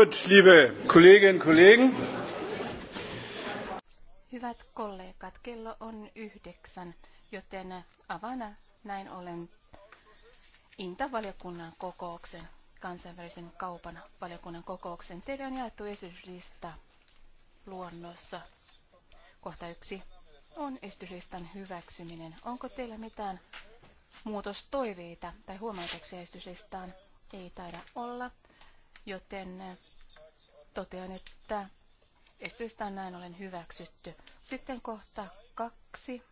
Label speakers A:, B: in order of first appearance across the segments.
A: liebe Kolleginnen Kollegen.
B: Hyvät kollegat, kello on yhdeksän, joten avaan näin ollen valiokunnan kokouksen, kansainvälisen kaupan valiokunnan kokouksen. Teille on jaettu esityslista luonnossa. Kohta yksi on esityslistan hyväksyminen. Onko teillä mitään muutostoiveita tai huomautuksia esityslistaan? Ei taida olla joten eh, totean, että esitystä on näin olen hyväksytty. Sitten kohta kaksi.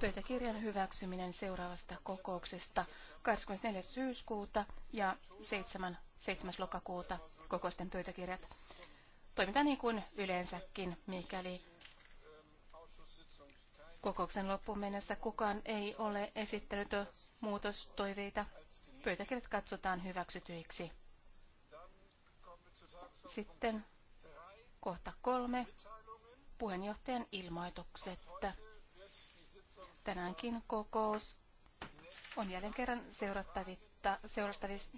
B: Pöytäkirjan hyväksyminen seuraavasta kokouksesta 24. syyskuuta ja 7. 7. lokakuuta kokousten pöytäkirjat. Toimitaan niin kuin yleensäkin, mikäli kokouksen loppuun mennessä kukaan ei ole esittänyt muutostoiveita. Pöytäkirjat katsotaan hyväksytyiksi. Sitten kohta kolme, puheenjohtajan ilmoitukset. Tänäänkin kokous on jälleen kerran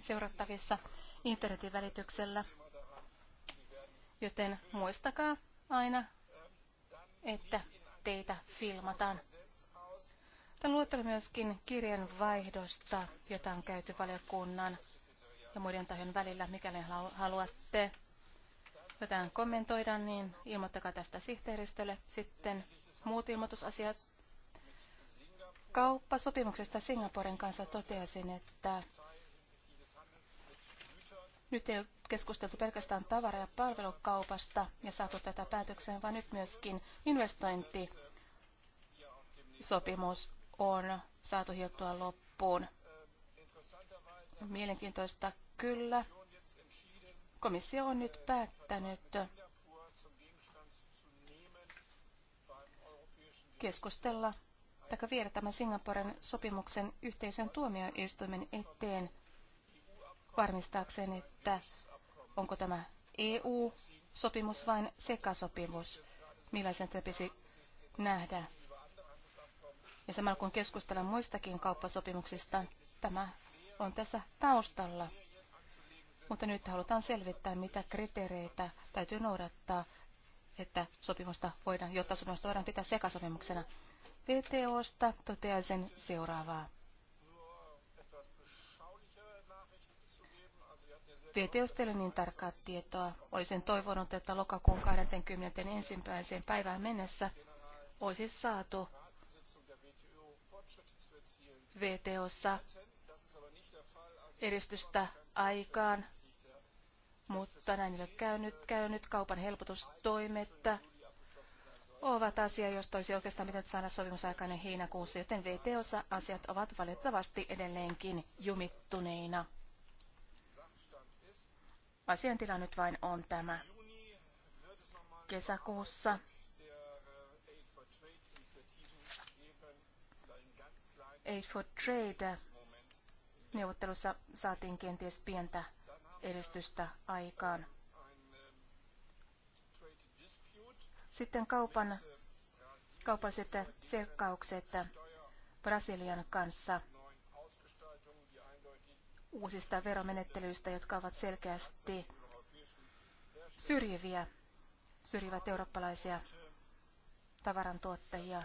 B: seurattavissa internetin välityksellä, joten muistakaa aina, että teitä filmataan. Tämä luettelo myöskin kirjan vaihdosta, jota on käyty valiokunnan ja muiden tahojen välillä, mikäli haluatte jotain kommentoida, niin ilmoittakaa tästä sihteeristölle. Sitten muut ilmoitusasiat. Kauppasopimuksesta Singaporen kanssa toteaisin, että nyt ei ole keskusteltu pelkästään tavara- ja palvelukaupasta ja saatu tätä päätökseen, vaan nyt myöskin investointisopimus on saatu hiottua loppuun. Mielenkiintoista kyllä. Komissio on nyt päättänyt keskustella tai viedä tämän Singaporen sopimuksen yhteisön tuomioistuimen eteen varmistaakseen, että onko tämä EU-sopimus vain sekasopimus, millaisen te pitäisi nähdä. Ja samalla kun keskustellaan muistakin kauppasopimuksista, tämä on tässä taustalla mutta nyt halutaan selvittää, mitä kriteereitä täytyy noudattaa, että sopimusta voidaan, jotta sopimusta voidaan pitää sekasopimuksena. VTOsta toteaisin seuraavaa. VTOsta ei niin tarkkaa tietoa. Olisin toivonut, että lokakuun 21. päivään mennessä olisi saatu
A: VTOssa edistystä
B: aikaan mutta näin ei ole käynyt. käynyt. Kaupan helpotustoimet ovat asia, josta olisi oikeastaan pitänyt saada sopimusaikainen heinäkuussa, joten VTOssa asiat ovat valitettavasti edelleenkin jumittuneina. Asiantila nyt vain on tämä.
A: Kesäkuussa
B: Aid for Trade neuvottelussa saatiin kenties pientä edistystä aikaan. Sitten kaupan, kaupalliset selkkaukset Brasilian kanssa uusista veromenettelyistä, jotka ovat selkeästi syrjiviä, syrjivät eurooppalaisia tavarantuottajia.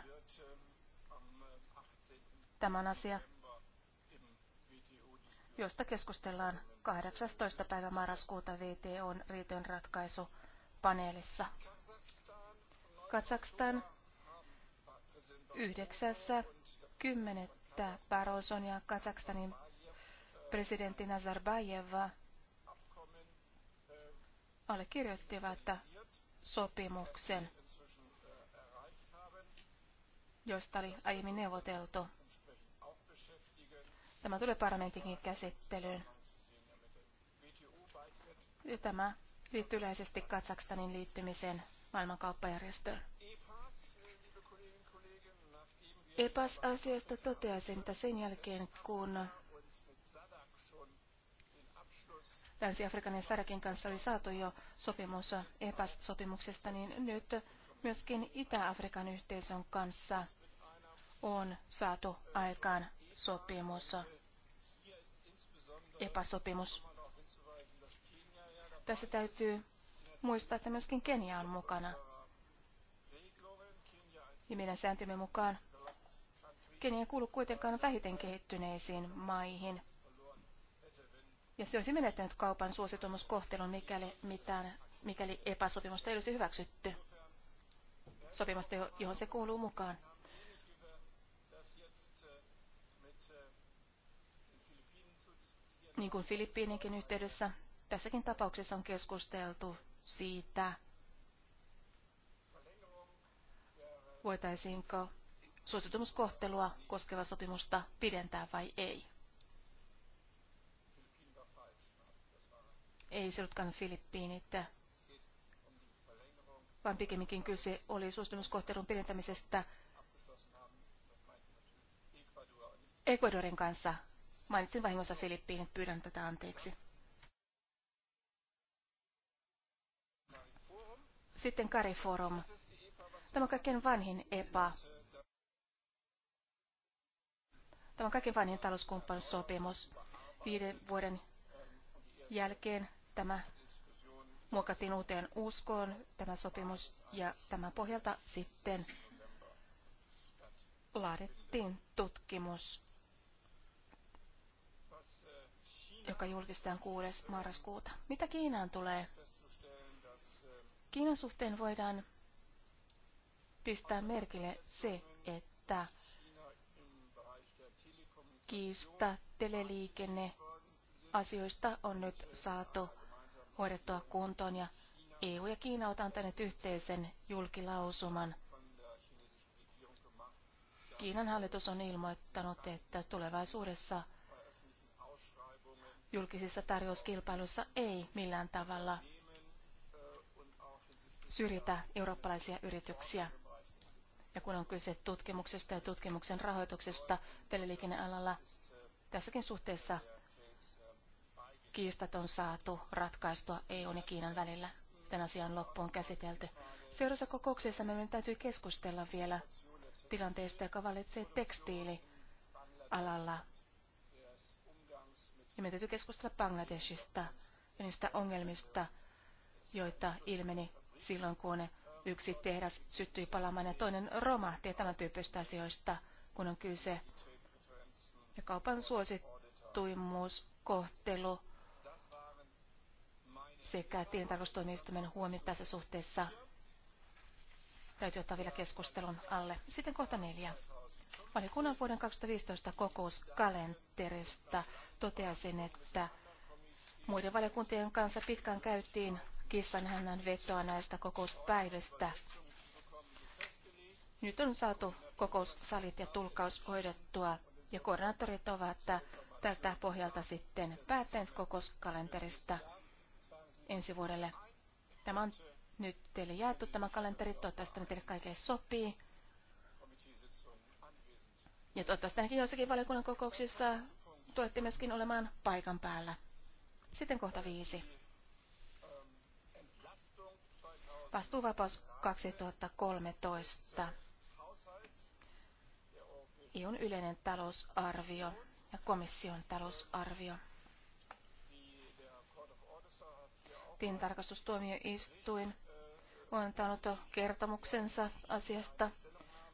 B: Tämä on asia, josta keskustellaan 18. päivä marraskuuta VTOn riitön paneelissa. Kazakstan 9.10. Barroson ja Kazakstanin presidentti Nazarbayev allekirjoittivat
A: sopimuksen,
B: josta oli aiemmin neuvoteltu.
A: Tämä tulee parlamentinkin
B: käsittelyyn. Ja tämä liittyy yleisesti Kazakstanin liittymiseen maailmankauppajärjestöön. epas asiasta toteaisin, että sen jälkeen kun Länsi-Afrikan ja Sarakin kanssa oli saatu jo sopimus EPAS-sopimuksesta, niin nyt myöskin Itä-Afrikan yhteisön kanssa on saatu aikaan sopimus,
A: EPAS-sopimus.
B: Tässä täytyy muistaa, että myöskin Kenia on mukana. Ja meidän sääntömme mukaan Kenia kuuluu kuitenkaan vähiten kehittyneisiin maihin. Ja se olisi menettänyt kaupan suositumuskohtelun, mikäli, mitään, mikäli epäsopimusta ei olisi
C: hyväksytty. Sopimusta, johon se kuuluu mukaan. Niin kuin
B: Filippiininkin yhteydessä Tässäkin tapauksessa on keskusteltu siitä, voitaisiinko suostutumuskohtelua koskeva sopimusta pidentää vai ei. Ei se ollutkaan Filippiinit,
A: vaan pikemminkin kyse
B: oli suostumuskohtelun pidentämisestä Ecuadorin kanssa. Mainitsin vahingossa Filippiinit, pyydän tätä anteeksi. Sitten Kariforum. Tämä on kaikkein vanhin EPA. Tämä on kaikkein vanhin talouskumppanussopimus. Viiden vuoden jälkeen tämä muokattiin uuteen uskoon, tämä sopimus, ja tämän pohjalta sitten laadittiin tutkimus, joka julkistetaan 6. marraskuuta. Mitä Kiinaan tulee? Kiinan suhteen voidaan pistää merkille se, että kiista teleliikenne asioista on nyt saatu hoidettua kuntoon ja EU ja Kiina ovat antaneet yhteisen julkilausuman. Kiinan hallitus on ilmoittanut, että tulevaisuudessa julkisissa tarjouskilpailuissa ei millään tavalla syrjitä eurooppalaisia yrityksiä. Ja kun on kyse tutkimuksesta ja tutkimuksen rahoituksesta teleliikennealalla, tässäkin suhteessa kiistat on saatu ratkaistua EUn ja Kiinan välillä. Tämän asian loppuun käsitelty. Seuraavassa kokouksessa meidän täytyy keskustella vielä tilanteesta, joka valitsee tekstiilialalla. Ja meidän täytyy keskustella Bangladeshista ja niistä ongelmista, joita ilmeni silloin, kun yksi tehdas syttyi palamaan ja toinen romahti ja tämän tyyppistä asioista, kun on kyse. Ja kaupan suosittuimmuus, kohtelu sekä tilintarkastustoimistomen huomio tässä suhteessa täytyy ottaa vielä keskustelun alle. Sitten kohta neljä. Valiokunnan vuoden 2015 kokouskalenterista toteaisin, että muiden valiokuntien kanssa pitkään käytiin Kissan niin hännän vetoa näistä kokouspäivistä. Nyt on saatu kokoussalit ja tulkaus hoidettua ja koordinaattorit ovat tältä pohjalta sitten päättäneet kokouskalenterista ensi vuodelle. Tämä on nyt teille jaettu tämä kalenteri. Toivottavasti tämä teille kaikille sopii. Ja toivottavasti ainakin joissakin valiokunnan kokouksissa tulette myöskin olemaan paikan päällä. Sitten kohta viisi. vastuuvapaus 2013. EUn yleinen talousarvio ja komission talousarvio. Tintarkastustuomioistuin on antanut kertomuksensa asiasta.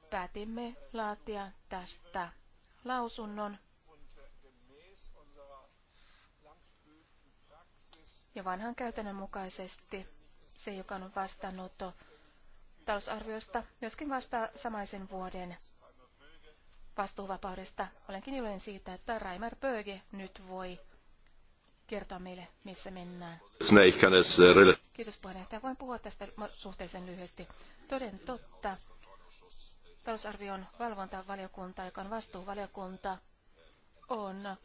B: Päätimme laatia tästä lausunnon. Ja vanhan käytännön mukaisesti se joka on vastannut talousarviosta, myöskin vastaa samaisen vuoden vastuuvapaudesta. Olenkin iloinen siitä, että Raimar Pöge nyt voi kertoa meille, missä mennään. Kiitos puheenjohtaja. Voin puhua tästä suhteellisen lyhyesti. Toden totta. Talousarvion valvontavaliokunta, joka on vastuuvaliokunta, on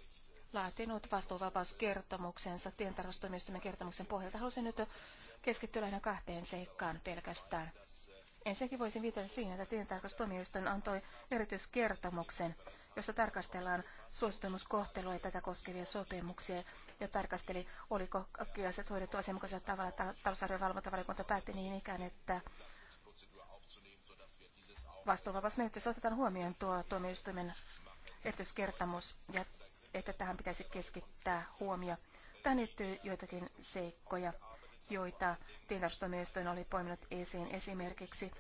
B: laatinut vastuuvapauskertomuksensa tientarkastustoimistomme kertomuksen pohjalta. Haluaisin nyt keskittyä lähinnä kahteen seikkaan pelkästään. Ensinnäkin voisin viitata siihen, että tilintarkastustuomioistuin antoi erityiskertomuksen, jossa tarkastellaan suostumuskohtelua ja tätä koskevia sopimuksia ja tarkasteli, oliko asiat hoidettu asianmukaisella tavalla. Talousarvion valvontavaliokunta päätti niin ikään, että vastuuvapausmenettelyssä otetaan huomioon tuo tuomioistuimen erityiskertomus ja että tähän pitäisi keskittää huomio. Tähän liittyy joitakin seikkoja, joita tilastomiestöön oli poiminut esiin esimerkiksi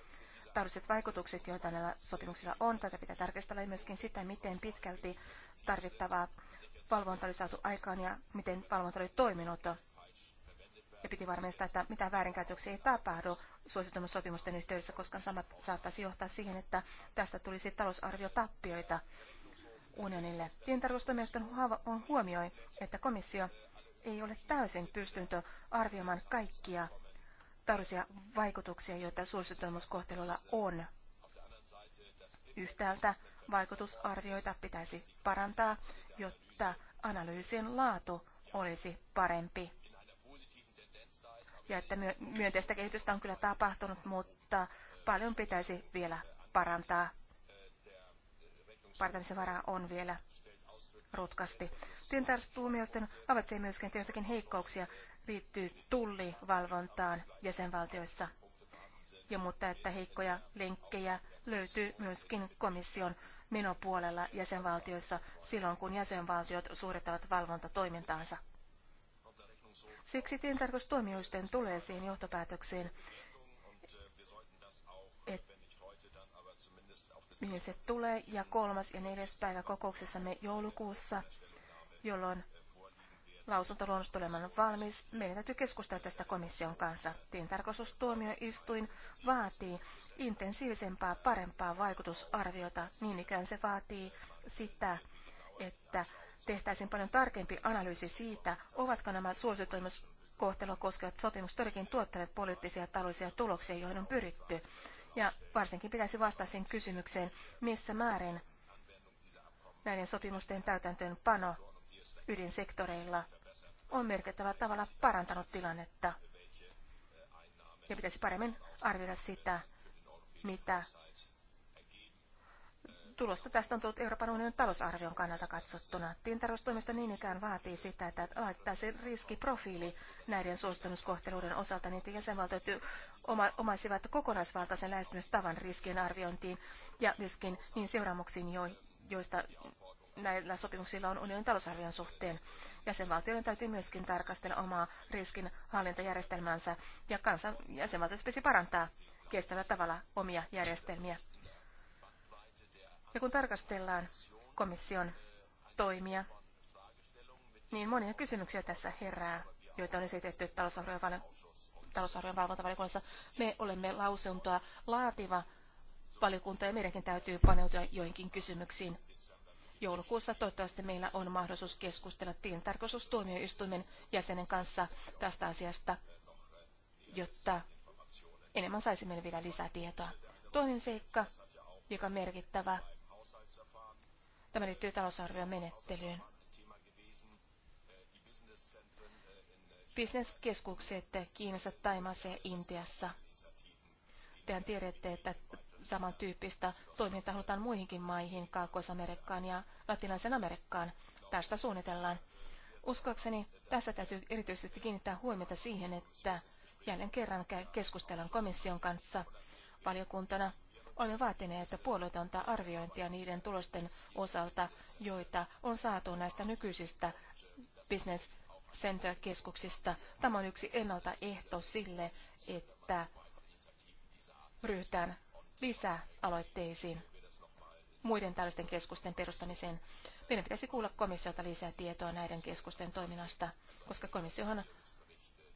B: Tarvitset vaikutukset, joita näillä sopimuksilla on. Tätä pitää tarkastella myöskin sitä, miten pitkälti tarvittavaa valvonta oli saatu aikaan ja miten valvonta oli toiminut. Ja piti varmistaa, että mitään väärinkäytöksiä ei tapahdu sopimusten yhteydessä, koska sama saattaisi johtaa siihen, että tästä tulisi talousarviotappioita unionille. on huomioi, että komissio ei ole täysin pystynyt arvioimaan kaikkia tarvisia vaikutuksia, joita suosittelumuskohtelulla on. Yhtäältä vaikutusarvioita pitäisi parantaa, jotta analyysin laatu olisi parempi.
A: Ja että myönteistä kehitystä on kyllä
B: tapahtunut, mutta paljon pitäisi vielä parantaa. Parantamisen varaa on vielä rutkasti. Tintarstuumioisten havaitsee myöskin, että jotakin heikkouksia liittyy tullivalvontaan jäsenvaltioissa. Ja mutta että heikkoja lenkkejä löytyy myöskin komission menopuolella jäsenvaltioissa silloin, kun jäsenvaltiot suorittavat valvontatoimintaansa. Siksi tilintarkastustuomioisten tulee siihen johtopäätökseen,
A: mihin se tulee, ja kolmas
B: ja neljäs päivä kokouksessamme joulukuussa, jolloin lausuntoluonnos tulemaan valmis. Meidän täytyy keskustella tästä komission kanssa. Tiintarkastustuomioistuin vaatii intensiivisempaa, parempaa vaikutusarviota. Niin ikään se vaatii sitä, että tehtäisiin paljon tarkempi analyysi siitä, ovatko nämä suositoimuskohtelua koskevat sopimukset todellakin tuottaneet poliittisia ja taloudellisia tuloksia, joihin on pyritty. Ja varsinkin pitäisi vastata sen kysymykseen, missä määrin näiden sopimusten täytäntöönpano ydinsektoreilla on merkittävä tavalla parantanut tilannetta. Ja pitäisi paremmin arvioida sitä, mitä Tulosta tästä on tullut Euroopan unionin talousarvion kannalta katsottuna. Tintarustoimista niin ikään vaatii sitä, että laittaisiin riskiprofiili näiden suostumuskohteluiden osalta, niin että jäsenvaltiot oma, omaisivat kokonaisvaltaisen lähestymistavan riskien arviointiin ja myöskin niin seuraamuksiin, jo, joista näillä sopimuksilla on unionin talousarvion suhteen. Jäsenvaltioiden täytyy myöskin tarkastella omaa riskinhallintajärjestelmäänsä ja kansan jäsenvaltioissa pitäisi parantaa kestävällä tavalla omia järjestelmiä. Ja kun tarkastellaan komission toimia, niin monia kysymyksiä tässä herää, joita on esitetty talousarvion, talousarvion valvontavaliokunnassa. Me olemme lausuntoa laativa valiokunta ja meidänkin täytyy paneutua joihinkin kysymyksiin. Joulukuussa toivottavasti meillä on mahdollisuus keskustella tilintarkastustuomioistuimen jäsenen kanssa tästä asiasta, jotta enemmän saisimme vielä lisää tietoa. Toinen seikka, joka on merkittävä,
A: Tämä liittyy talousarvion menettelyyn.
B: Bisneskeskukset Kiinassa, Taimaassa ja Intiassa. Tehän tiedätte, että samantyyppistä toimintaa halutaan muihinkin maihin, Kaakkois-Amerikkaan ja Latinalaisen Amerikkaan. Tästä suunnitellaan. Uskoakseni tässä täytyy erityisesti kiinnittää huomiota siihen, että jälleen kerran keskustellaan komission kanssa valiokuntana Olemme vaatineet puolueetonta arviointia niiden tulosten osalta, joita on saatu näistä nykyisistä business center-keskuksista. Tämä on yksi ennaltaehto sille, että ryhdytään lisäaloitteisiin muiden tällaisten keskusten perustamiseen. Meidän pitäisi kuulla komissiolta lisää tietoa näiden keskusten toiminnasta, koska komissiohan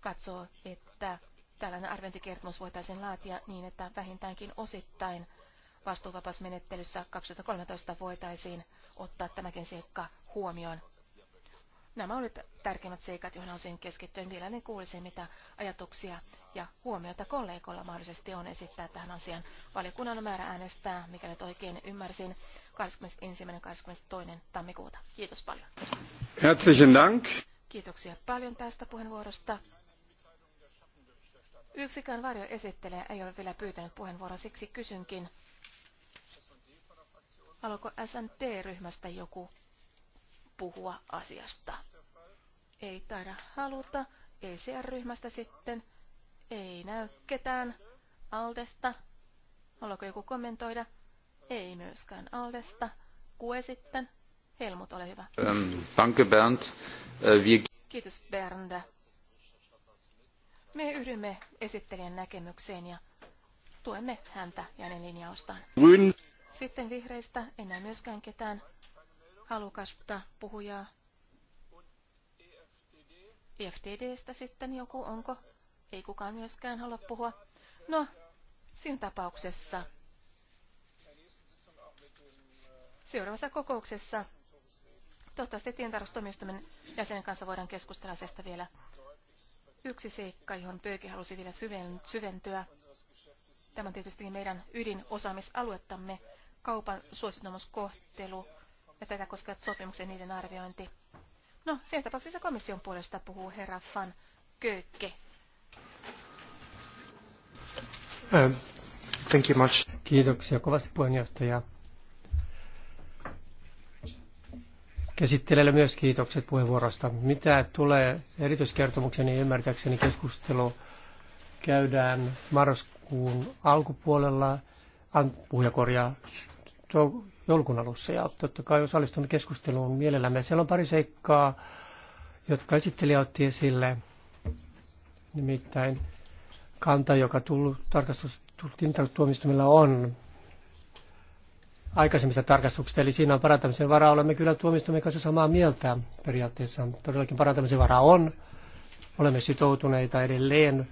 B: katsoo, että tällainen arviointikertomus voitaisiin laatia niin, että vähintäänkin osittain vastuuvapausmenettelyssä 2013 voitaisiin ottaa tämäkin seikka huomioon. Nämä olivat tärkeimmät seikat, joihin osin keskittyen vielä niin kuulisin, mitä ajatuksia ja huomiota kollegoilla mahdollisesti on esittää tähän asiaan. Valiokunnan on määrä äänestää, mikä nyt oikein ymmärsin, 21. 22. tammikuuta. Kiitos paljon. Herzlichen Dank. Kiitoksia paljon tästä puheenvuorosta. Yksikään varjoesittelijä ei ole vielä pyytänyt puheenvuoroa, siksi kysynkin. Haluaako SNT-ryhmästä joku puhua asiasta? Ei taida haluta. ECR-ryhmästä sitten. Ei näy ketään. Aldesta. Haluatko joku kommentoida? Ei myöskään Aldesta. Kue sitten. Helmut, ole hyvä. Ähm,
A: danke Bernd. Äh, wir...
B: Kiitos Bernd. Me yhdymme esittelijän näkemykseen ja tuemme häntä ja hänen linjaustaan. Sitten vihreistä ei myöskään ketään halukasta puhujaa. EFTDstä sitten joku, onko? Ei kukaan myöskään halua puhua. No, siinä tapauksessa. Seuraavassa kokouksessa toivottavasti tientarkastustoimistomen jäsenen kanssa voidaan keskustella asiasta vielä Yksi seikka, johon Pöyki halusi vielä syventyä, tämä on tietysti meidän ydinosaamisaluettamme, kaupan suositumuskohtelu ja tätä koskevat sopimuksen niiden arviointi. No, siinä tapauksessa komission puolesta puhuu herra Van Köökke.
D: Um, thank you much. Kiitoksia kovasti puheenjohtaja. Käsittelijälle myös kiitokset puheenvuorosta. Mitä tulee erityiskertomuksen, niin ymmärtääkseni keskustelu käydään marraskuun alkupuolella, puhujakorjaa joulukuun alussa. Ja totta kai osallistun keskusteluun mielellämme. Siellä on pari seikkaa, jotka esittelijä otti esille. Nimittäin kanta, joka tullut tarkastustuomioistuimella on aikaisemmista tarkastuksista, eli siinä on parantamisen varaa. Olemme kyllä tuomistumme kanssa samaa mieltä periaatteessa. Todellakin parantamisen varaa on. Olemme sitoutuneita edelleen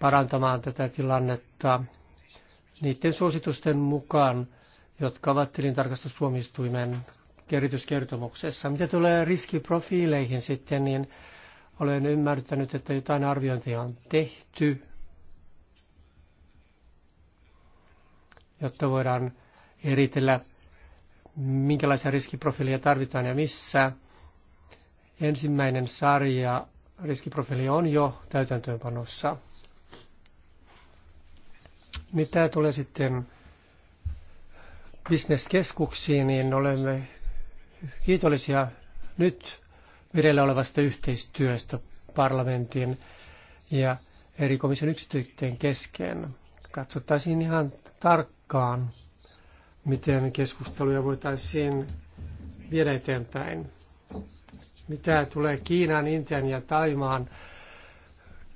D: parantamaan tätä tilannetta niiden suositusten mukaan, jotka ovat tilintarkastustuomistuimen erityiskertomuksessa. Mitä tulee riskiprofiileihin sitten, niin olen ymmärtänyt, että jotain arviointia on tehty, jotta voidaan eritellä, minkälaisia riskiprofiileja tarvitaan ja missä. Ensimmäinen sarja riskiprofiili on jo täytäntöönpanossa. Mitä tulee sitten bisneskeskuksiin, niin olemme kiitollisia nyt vireillä olevasta yhteistyöstä parlamentin ja eri komission yksityiden kesken. Katsottaisiin ihan tarkkaan, miten keskusteluja voitaisiin viedä eteenpäin. Mitä tulee Kiinan, Intian ja Taimaan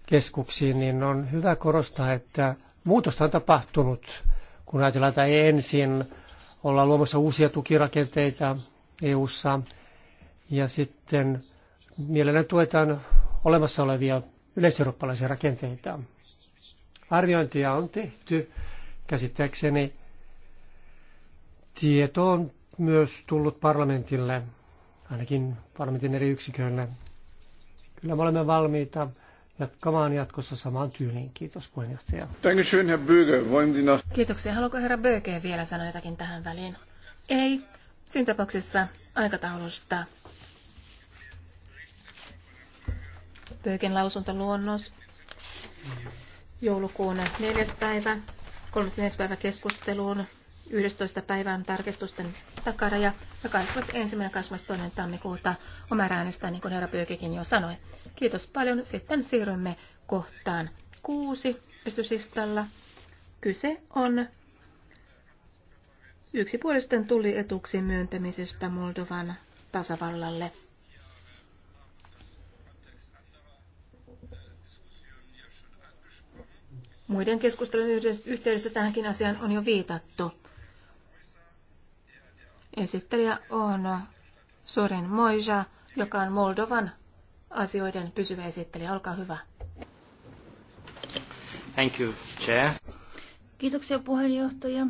D: keskuksiin, niin on hyvä korostaa, että muutosta on tapahtunut, kun ajatellaan, että ensin ollaan luomassa uusia tukirakenteita EU-ssa ja sitten mielellään tuetaan olemassa olevia yleiseurooppalaisia rakenteita. Arviointia on tehty käsittääkseni Tieto on myös tullut parlamentille, ainakin parlamentin eri yksiköille. Kyllä me olemme valmiita jatkamaan jatkossa samaan tyyliin. Kiitos puheenjohtaja.
B: Kiitoksia. Haluaako herra Böge vielä sanoa jotakin tähän väliin? Ei. Siinä tapauksessa aikataulusta. Bögen lausuntoluonnos joulukuun neljäs päivä, 34. päivä keskusteluun 11. päivän tarkistusten takaraja ja 21. tammikuuta on äänestää, niin kuin herra Pyykikin jo sanoi. Kiitos paljon. Sitten siirrymme kohtaan kuusi pystysistalla. Kyse on yksipuolisten tulietuuksien myöntämisestä Moldovan tasavallalle. Muiden keskustelujen yhteydessä tähänkin asiaan on jo viitattu. Esittelijä on Soren Moija, joka on Moldovan asioiden pysyvä esittelijä. Olkaa hyvä.
D: Thank you, Chair.
C: Kiitoksia puheenjohtaja.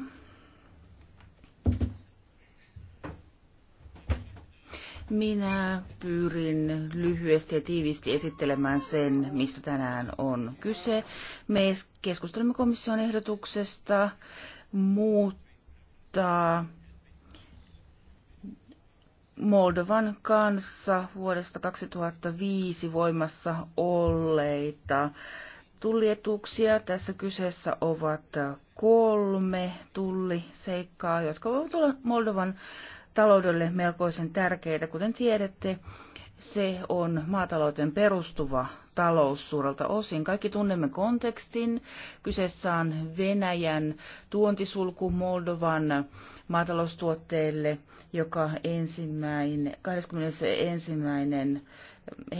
C: Minä pyrin lyhyesti ja tiiviisti esittelemään sen, mistä tänään on kyse. Me keskustelemme komission ehdotuksesta muuttaa Moldovan kanssa vuodesta 2005 voimassa olleita tullietuuksia. Tässä kyseessä ovat kolme tulliseikkaa, jotka voivat olla Moldovan taloudelle melkoisen tärkeitä. Kuten tiedätte, se on maatalouteen perustuva talous suurelta osin. Kaikki tunnemme kontekstin. Kyseessä on Venäjän tuontisulku Moldovan maataloustuotteille, joka ensimmäinen, 21.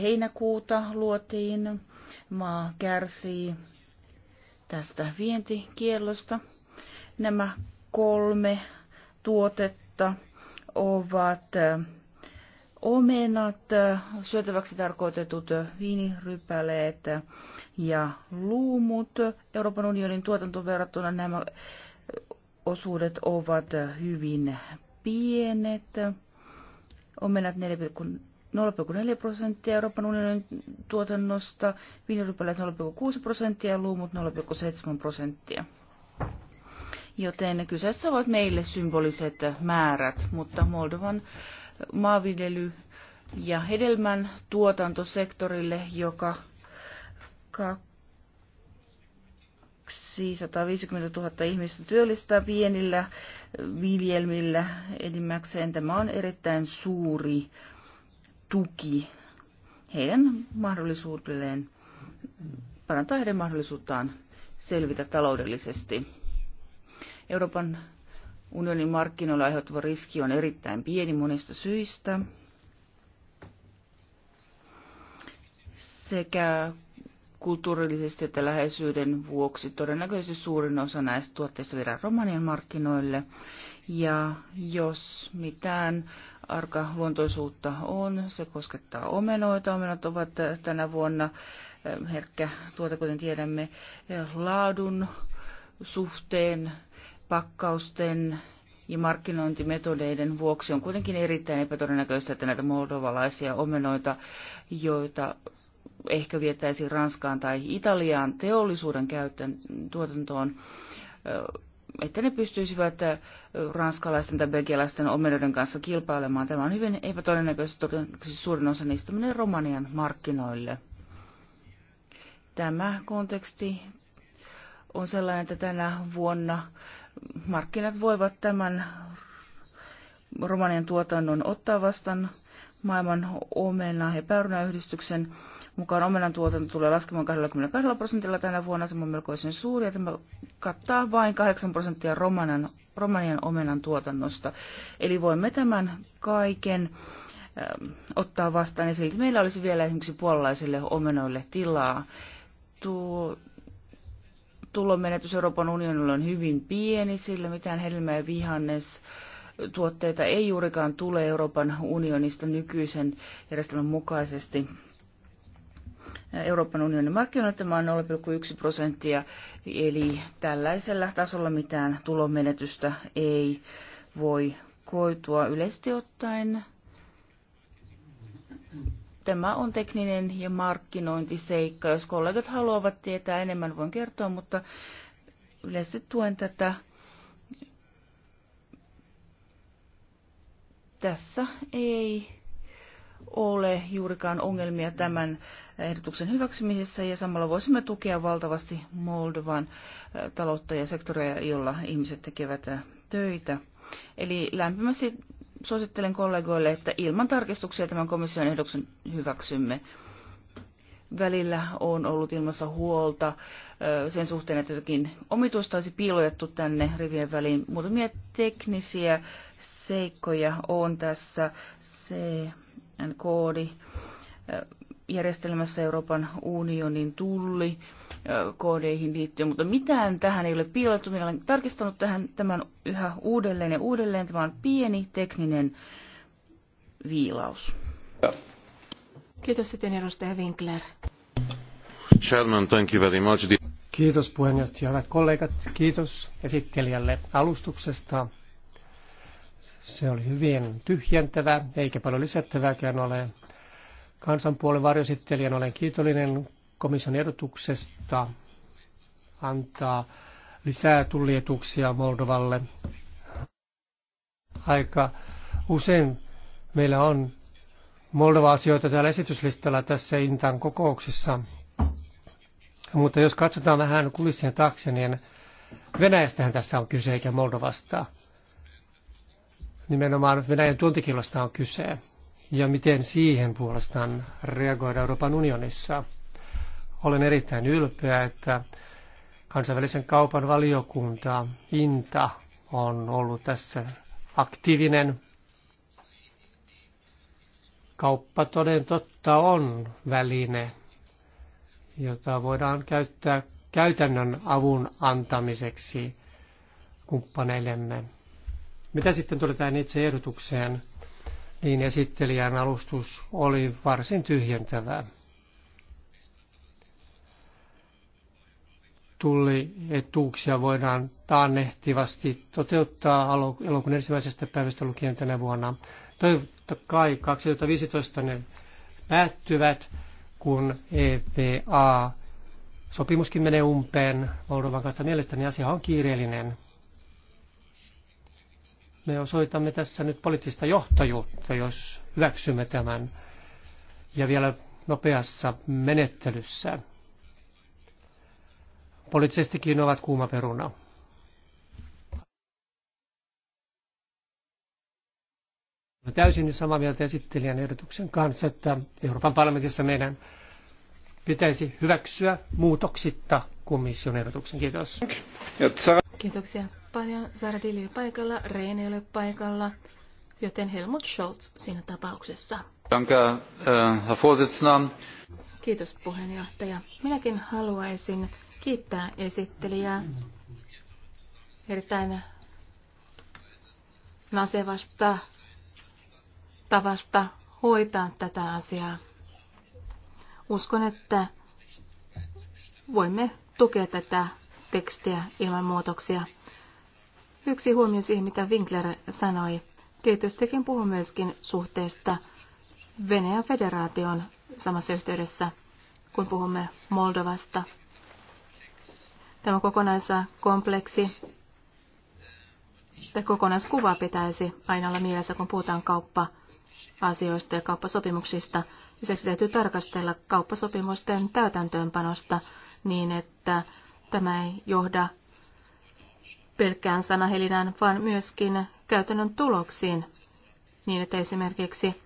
C: heinäkuuta luotiin. Maa kärsii tästä vientikiellosta. Nämä kolme tuotetta ovat omenat, syötäväksi tarkoitetut viinirypäleet ja luumut. Euroopan unionin tuotanto verrattuna nämä osuudet ovat hyvin pienet. Omenat 4,4 prosenttia Euroopan unionin tuotannosta, viinirypäleet 0,6 prosenttia ja luumut 0,7 prosenttia. Joten kyseessä ovat meille symboliset määrät, mutta Moldovan äh, maanviljely- ja hedelmän tuotantosektorille, joka 250 000 ihmistä työllistää pienillä viljelmillä enimmäkseen. Tämä on erittäin suuri tuki heidän mahdollisuudelleen, parantaa heidän mahdollisuuttaan selvitä taloudellisesti. Euroopan Unionin markkinoilla aiheutuva riski on erittäin pieni monista syistä. Sekä kulttuurillisesti että läheisyyden vuoksi todennäköisesti suurin osa näistä tuotteista viedään Romanian markkinoille. Ja jos mitään arka luontoisuutta on, se koskettaa omenoita. Omenat ovat tänä vuonna eh, herkkä tuote, kuten tiedämme, eh, laadun suhteen pakkausten ja markkinointimetodeiden vuoksi on kuitenkin erittäin epätodennäköistä, että näitä moldovalaisia omenoita, joita ehkä vietäisiin Ranskaan tai Italiaan teollisuuden käyttöön, tuotantoon, että ne pystyisivät ranskalaisten tai belgialaisten omenoiden kanssa kilpailemaan. Tämä on hyvin epätodennäköistä, todennäköisesti suurin osa niistä menee Romanian markkinoille. Tämä konteksti on sellainen, että tänä vuonna markkinat voivat tämän Romanian tuotannon ottaa vastaan maailman omena- ja päärynäyhdistyksen mukaan omenan tuotanto tulee laskemaan 22 prosentilla tänä vuonna, Se on melkoisen suuri, ja tämä kattaa vain 8 prosenttia Romanian, Romanian omenan tuotannosta. Eli voimme tämän kaiken äh, ottaa vastaan, ja silti meillä olisi vielä esimerkiksi puolalaisille omenoille tilaa. Tuo tulonmenetys Euroopan unionilla on hyvin pieni, sillä mitään hedelmä- ja vihannes tuotteita ei juurikaan tule Euroopan unionista nykyisen järjestelmän mukaisesti. Euroopan unionin markkinoilla tämä on 0,1 prosenttia, eli tällaisella tasolla mitään tulonmenetystä ei voi koitua yleisesti ottaen Tämä on tekninen ja markkinointiseikka. Jos kollegat haluavat tietää enemmän, voin kertoa, mutta yleisesti tuen tätä. Tässä ei ole juurikaan ongelmia tämän ehdotuksen hyväksymisessä ja samalla voisimme tukea valtavasti Moldovan taloutta ja sektoria, jolla ihmiset tekevät töitä. Eli lämpimästi suosittelen kollegoille, että ilman tarkistuksia tämän komission ehdoksen hyväksymme. Välillä on ollut ilmassa huolta sen suhteen, että jotakin omituista olisi piilotettu tänne rivien väliin. Muutamia teknisiä seikkoja on tässä CN-koodi järjestelmässä Euroopan unionin tulli koodeihin liittyen, mutta mitään tähän ei ole piilotettu. Minä olen tarkistanut tähän tämän yhä uudelleen ja uudelleen. Tämä on pieni tekninen viilaus. Kiitos sitten edustaja Winkler.
A: Chairman, thank you very much.
D: Kiitos puheenjohtaja, hyvät kollegat. Kiitos esittelijälle alustuksesta. Se oli hyvin tyhjentävä, eikä paljon lisättävääkään ole. Kansanpuolen varjosittelijän olen kiitollinen komission ehdotuksesta antaa lisää tullietuksia Moldovalle. Aika usein meillä on Moldova-asioita täällä esityslistalla tässä Intan kokouksissa. Mutta jos katsotaan vähän kulissien taakse, niin Venäjästähän tässä on kyse eikä Moldovasta. Nimenomaan Venäjän tuontikilosta on kyse. Ja miten siihen puolestaan reagoida Euroopan unionissa – olen erittäin ylpeä, että kansainvälisen kaupan valiokunta INTA on ollut tässä aktiivinen. Kauppa toden totta on väline, jota voidaan käyttää käytännön avun antamiseksi kumppaneillemme. Mitä sitten tulee tähän itse ehdotukseen, niin esittelijän alustus oli varsin tyhjentävää. tullietuuksia voidaan taannehtivasti toteuttaa elokuun ensimmäisestä päivästä lukien tänä vuonna. Toivottakai 2015 ne päättyvät, kun EPA sopimuskin menee umpeen Moldovan kanssa. Mielestäni asia on kiireellinen. Me osoitamme tässä nyt poliittista johtajuutta, jos hyväksymme tämän, ja vielä nopeassa menettelyssä poliittisestikin ovat kuuma peruna. Olen täysin samaa mieltä esittelijän ehdotuksen kanssa, että Euroopan parlamentissa meidän pitäisi hyväksyä muutoksitta komission ehdotuksen. Kiitos.
B: Kiitoksia paljon. Sara Dili paikalla, Reine ei ole paikalla, joten Helmut Scholz siinä tapauksessa.
A: Danke, äh, Herr
B: Kiitos puheenjohtaja. Minäkin haluaisin kiittää esittelijää erittäin nasevasta tavasta hoitaa tätä asiaa. Uskon, että voimme tukea tätä tekstiä ilman muutoksia. Yksi huomio siihen, mitä Winkler sanoi. Tietystikin puhu myöskin suhteesta Venäjän federaation samassa yhteydessä, kun puhumme Moldovasta Tämä kokonaisa kompleksi, tai kokonaiskuva pitäisi aina olla mielessä, kun puhutaan kauppa-asioista ja kauppasopimuksista. Lisäksi täytyy tarkastella kauppasopimusten täytäntöönpanosta niin, että tämä ei johda pelkkään sanahelinään, vaan myöskin käytännön tuloksiin, niin että esimerkiksi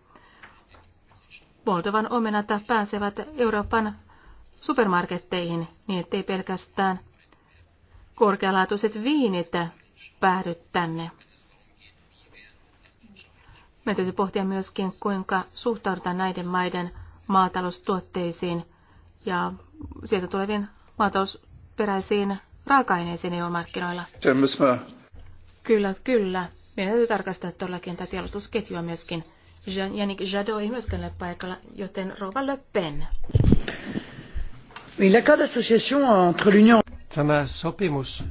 B: Moldovan omenat pääsevät Euroopan supermarketteihin, niin ettei pelkästään korkealaatuiset viinit päädy tänne. Me täytyy pohtia myöskin, kuinka suhtaudutaan näiden maiden maataloustuotteisiin ja sieltä tuleviin maatalousperäisiin raaka-aineisiin EU-markkinoilla. Kyllä, kyllä. Meidän täytyy tarkastaa todellakin tätä tiedostusketjua myöskin. Janik Jadot ei myöskään ole paikalla, joten Rova Le Pen.
D: Mais l'accord d'association entre l'Union Tämä sopimus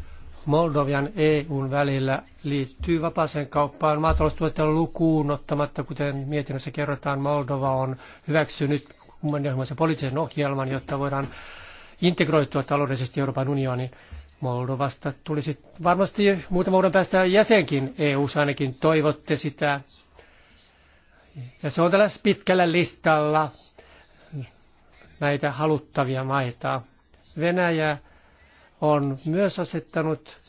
D: Moldovian EUn välillä liittyy vapaaseen kauppaan maataloustuotteiden lukuun ottamatta, kuten mietinnössä kerrotaan, Moldova on hyväksynyt kunnianhimoisen poliittisen ohjelman, jotta voidaan integroitua taloudellisesti Euroopan unioniin. Moldovasta tulisi varmasti muutama vuoden päästä jäsenkin eu ainakin toivotte sitä. Ja se on tällä pitkällä listalla näitä haluttavia maita. Venäjä on myös asettanut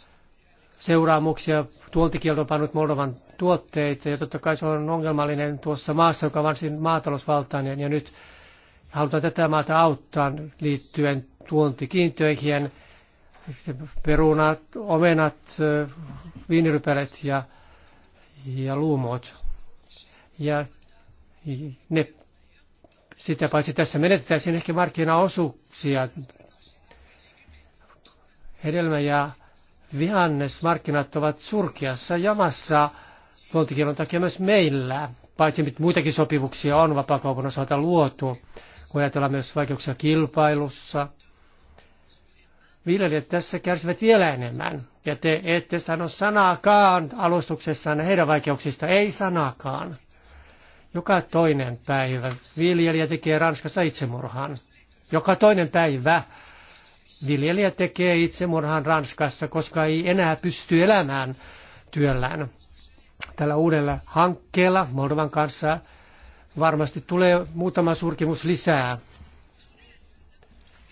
D: seuraamuksia, tuontikielto pannut Moldovan tuotteita ja totta kai se on ongelmallinen tuossa maassa, joka on varsin maatalousvaltainen ja nyt halutaan tätä maata auttaa liittyen tuontikiintiöihin, perunat, omenat, viinirypälet ja, ja luumot. Ja ne, sitä paitsi tässä menetetään ehkä markkinaosuuksia hedelmä- ja vihannesmarkkinat ovat surkeassa jamassa tuontikielon takia myös meillä, paitsi mitä muitakin sopimuksia on vapaakaupan osalta luotu, kun ajatellaan myös vaikeuksia kilpailussa. Viljelijät tässä kärsivät vielä enemmän, ja te ette sano sanaakaan alustuksessaan heidän vaikeuksista, ei sanaakaan. Joka toinen päivä viljelijä tekee Ranskassa itsemurhan. Joka toinen päivä Viljelijä tekee itsemurhan Ranskassa, koska ei enää pysty elämään työllään. Tällä uudella hankkeella Moldovan kanssa varmasti tulee muutama surkimus lisää.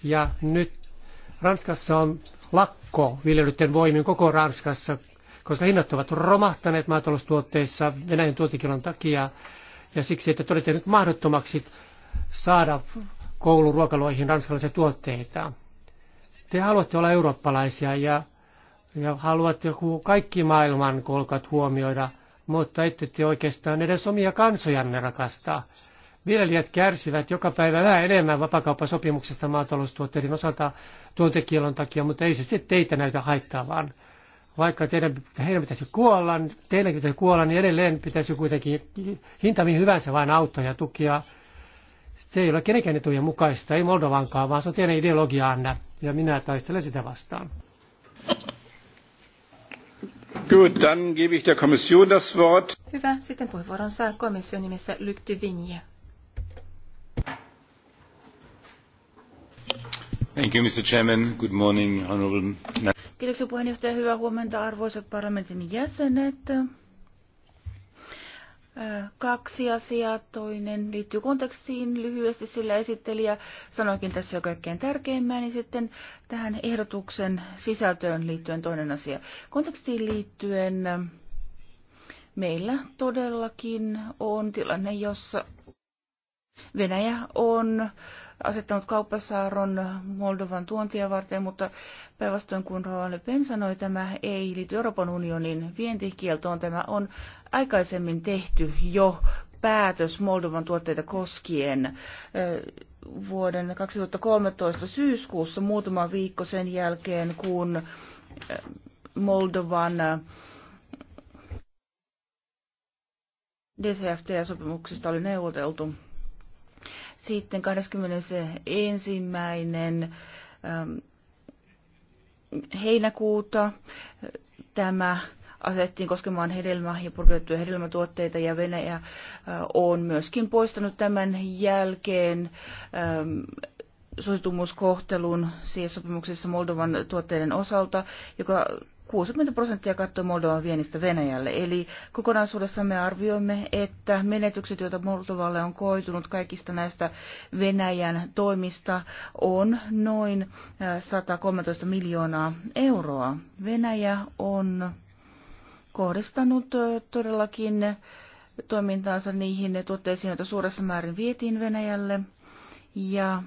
D: Ja nyt Ranskassa on lakko viljelyiden voimin koko Ranskassa, koska hinnat ovat romahtaneet maataloustuotteissa Venäjän tuotikilon takia ja siksi, että todettiin nyt mahdottomaksi saada kouluruokaloihin ranskalaisia tuotteita. Te haluatte olla eurooppalaisia ja, ja haluatte joku kaikki maailman kolkat huomioida, mutta ette te oikeastaan edes omia kansojanne rakastaa. Viljelijät kärsivät joka päivä vähän enemmän vapakauppasopimuksesta maataloustuotteiden osalta tuontekielon takia, mutta ei se sitten teitä näytä haittaavan. Vaikka teidän, heidän pitäisi kuolla, teidän pitäisi kuolla, niin edelleen pitäisi kuitenkin hinta mihin hyvänsä vain auttaa ja tukia. Se ei ole kenenkään etujen mukaista, ei Moldovankaan, vaan se on teidän ideologiaanne ja minä taistelen sitä vastaan.
A: Gut, dann gebe ich der Kommission das Wort.
B: Hyvä, sitten puheenvuoron saa komission nimessä Luc de Vigne.
A: Thank you, Mr. Chairman. Good morning, Honourable
C: Kiitoksia puheenjohtaja. Hyvää huomenta, arvoisat parlamentin jäsenet kaksi asiaa. Toinen liittyy kontekstiin lyhyesti, sillä esittelijä sanoikin tässä jo kaikkein tärkeimmän, niin sitten tähän ehdotuksen sisältöön liittyen toinen asia. Kontekstiin liittyen meillä todellakin on tilanne, jossa Venäjä on asettanut kauppasaaron Moldovan tuontia varten, mutta päinvastoin kuin Roa Pen sanoi, tämä ei liity Euroopan unionin vientikieltoon. Tämä on aikaisemmin tehty jo päätös Moldovan tuotteita koskien vuoden 2013 syyskuussa muutama viikko sen jälkeen, kun Moldovan DCFT-sopimuksista oli neuvoteltu. Sitten 21. Ähm, heinäkuuta tämä asettiin koskemaan hedelmä- ja purkeutettuja hedelmätuotteita ja Venäjä äh, on myöskin poistanut tämän jälkeen ähm, suositumuskohtelun siis sopimuksessa Moldovan tuotteiden osalta, joka 60 prosenttia katsoi Moldovan viennistä Venäjälle. Eli kokonaisuudessa me arvioimme, että menetykset, joita Moldovalle on koitunut kaikista näistä Venäjän toimista, on noin 113 äh, miljoonaa euroa. Venäjä on kohdistanut äh, todellakin toimintaansa niihin tuotteisiin, joita suuressa määrin vietiin Venäjälle. Ja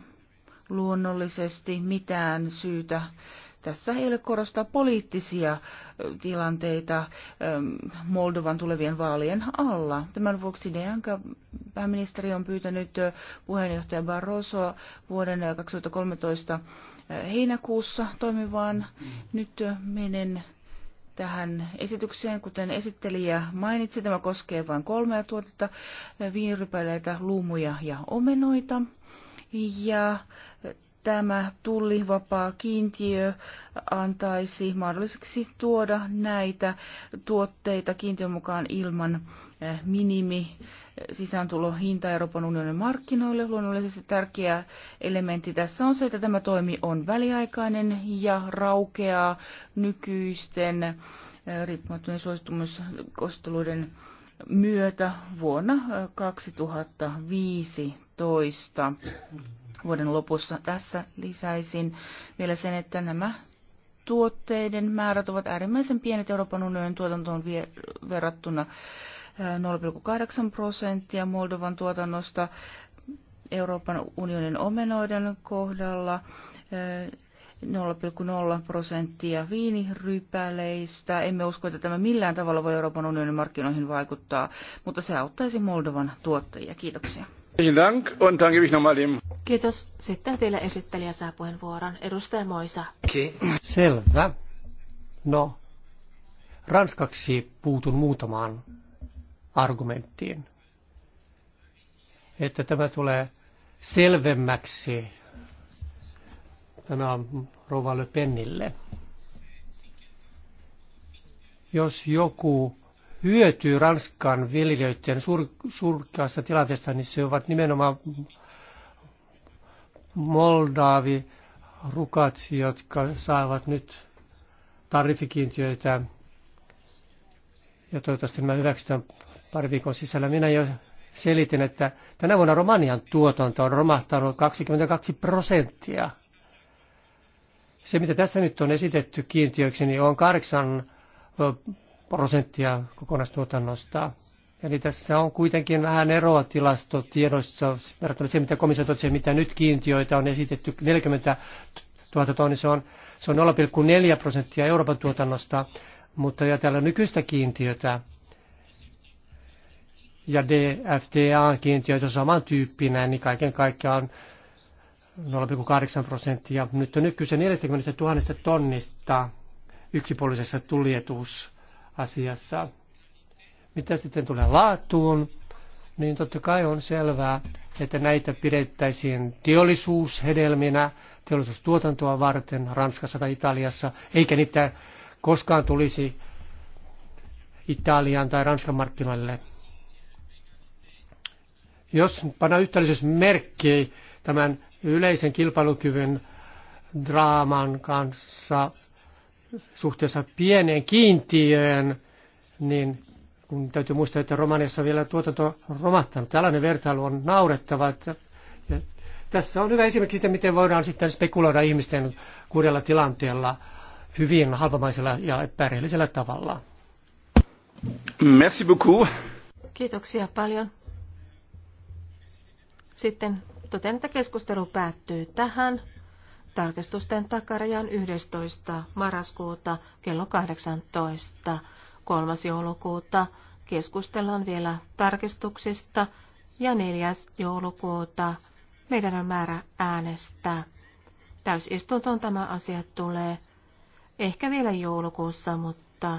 C: luonnollisesti mitään syytä tässä ei ole korostaa poliittisia tilanteita Moldovan tulevien vaalien alla. Tämän vuoksi DNK pääministeri on pyytänyt puheenjohtaja Barrosoa vuoden 2013 heinäkuussa toimivaan. Nyt menen tähän esitykseen. Kuten esittelijä mainitsi, tämä koskee vain kolmea tuotetta, viinirypäleitä, luumuja ja omenoita. Ja tämä tullivapaa kiintiö antaisi mahdolliseksi tuoda näitä tuotteita kiintiön mukaan ilman eh, minimi eh, hinta Euroopan unionin markkinoille. Luonnollisesti tärkeä elementti tässä on se, että tämä toimi on väliaikainen ja raukeaa nykyisten eh, riippumattomien suostumuskosteluiden myötä vuonna 2015 vuoden lopussa. Tässä lisäisin vielä sen, että nämä tuotteiden määrät ovat äärimmäisen pienet Euroopan unionin tuotantoon verrattuna 0,8 prosenttia Moldovan tuotannosta Euroopan unionin omenoiden kohdalla 0,0 prosenttia viinirypäleistä. Emme usko, että tämä millään tavalla voi Euroopan unionin markkinoihin vaikuttaa, mutta se auttaisi Moldovan tuottajia. Kiitoksia. Kiitos. Sitten vielä
B: esittelijä saa puheenvuoron. Edustaja Moisa.
D: Selvä. No, ranskaksi puutun muutamaan argumenttiin. Että tämä tulee selvemmäksi tämä Rova Le Jos joku hyötyy Ranskan viljelijöiden sur, surkeasta tilanteesta, niin se ovat nimenomaan Moldaavi, rukat, jotka saavat nyt tarrifikiintiöitä. Ja toivottavasti mä hyväksytän pari viikon sisällä. Minä jo selitin, että tänä vuonna Romanian tuotanto on romahtanut 22 prosenttia. Se, mitä tässä nyt on esitetty kiintiöiksi, niin on kahdeksan prosenttia kokonaistuotannosta. Eli tässä on kuitenkin vähän eroa tilastotiedoissa verrattuna siihen, mitä komissio totesi, mitä nyt kiintiöitä on esitetty 40 000 tonnia, se on, se on 0,4 prosenttia Euroopan tuotannosta, mutta ajatellaan nykyistä kiintiötä ja DFTA-kiintiöitä on samantyyppinen, niin kaiken kaikkiaan 0,8 prosenttia. Nyt on nyt kyse 40 000 tonnista yksipuolisessa tulietuus asiassa. Mitä sitten tulee laatuun, niin totta kai on selvää, että näitä pidettäisiin teollisuushedelminä, teollisuustuotantoa varten Ranskassa tai Italiassa, eikä niitä koskaan tulisi Italian tai Ranskan markkinoille. Jos panna yhtäläisyysmerkki tämän yleisen kilpailukyvyn draaman kanssa, suhteessa pieneen kiintiöön, niin kun täytyy muistaa, että Romaniassa vielä tuotanto on romahtanut. Tällainen vertailu on naurettava. Että, ja tässä on hyvä esimerkki siitä, miten voidaan sitten spekuloida ihmisten kuudella tilanteella hyvin halpamaisella ja epärehellisellä tavalla. Merci beaucoup.
B: Kiitoksia paljon. Sitten totean, että keskustelu päättyy tähän. Tarkastusten takaraja on 11. marraskuuta kello 18. 3. joulukuuta keskustellaan vielä tarkistuksista ja 4. joulukuuta meidän on määrä äänestää. Täysistuntoon tämä asia tulee ehkä vielä joulukuussa, mutta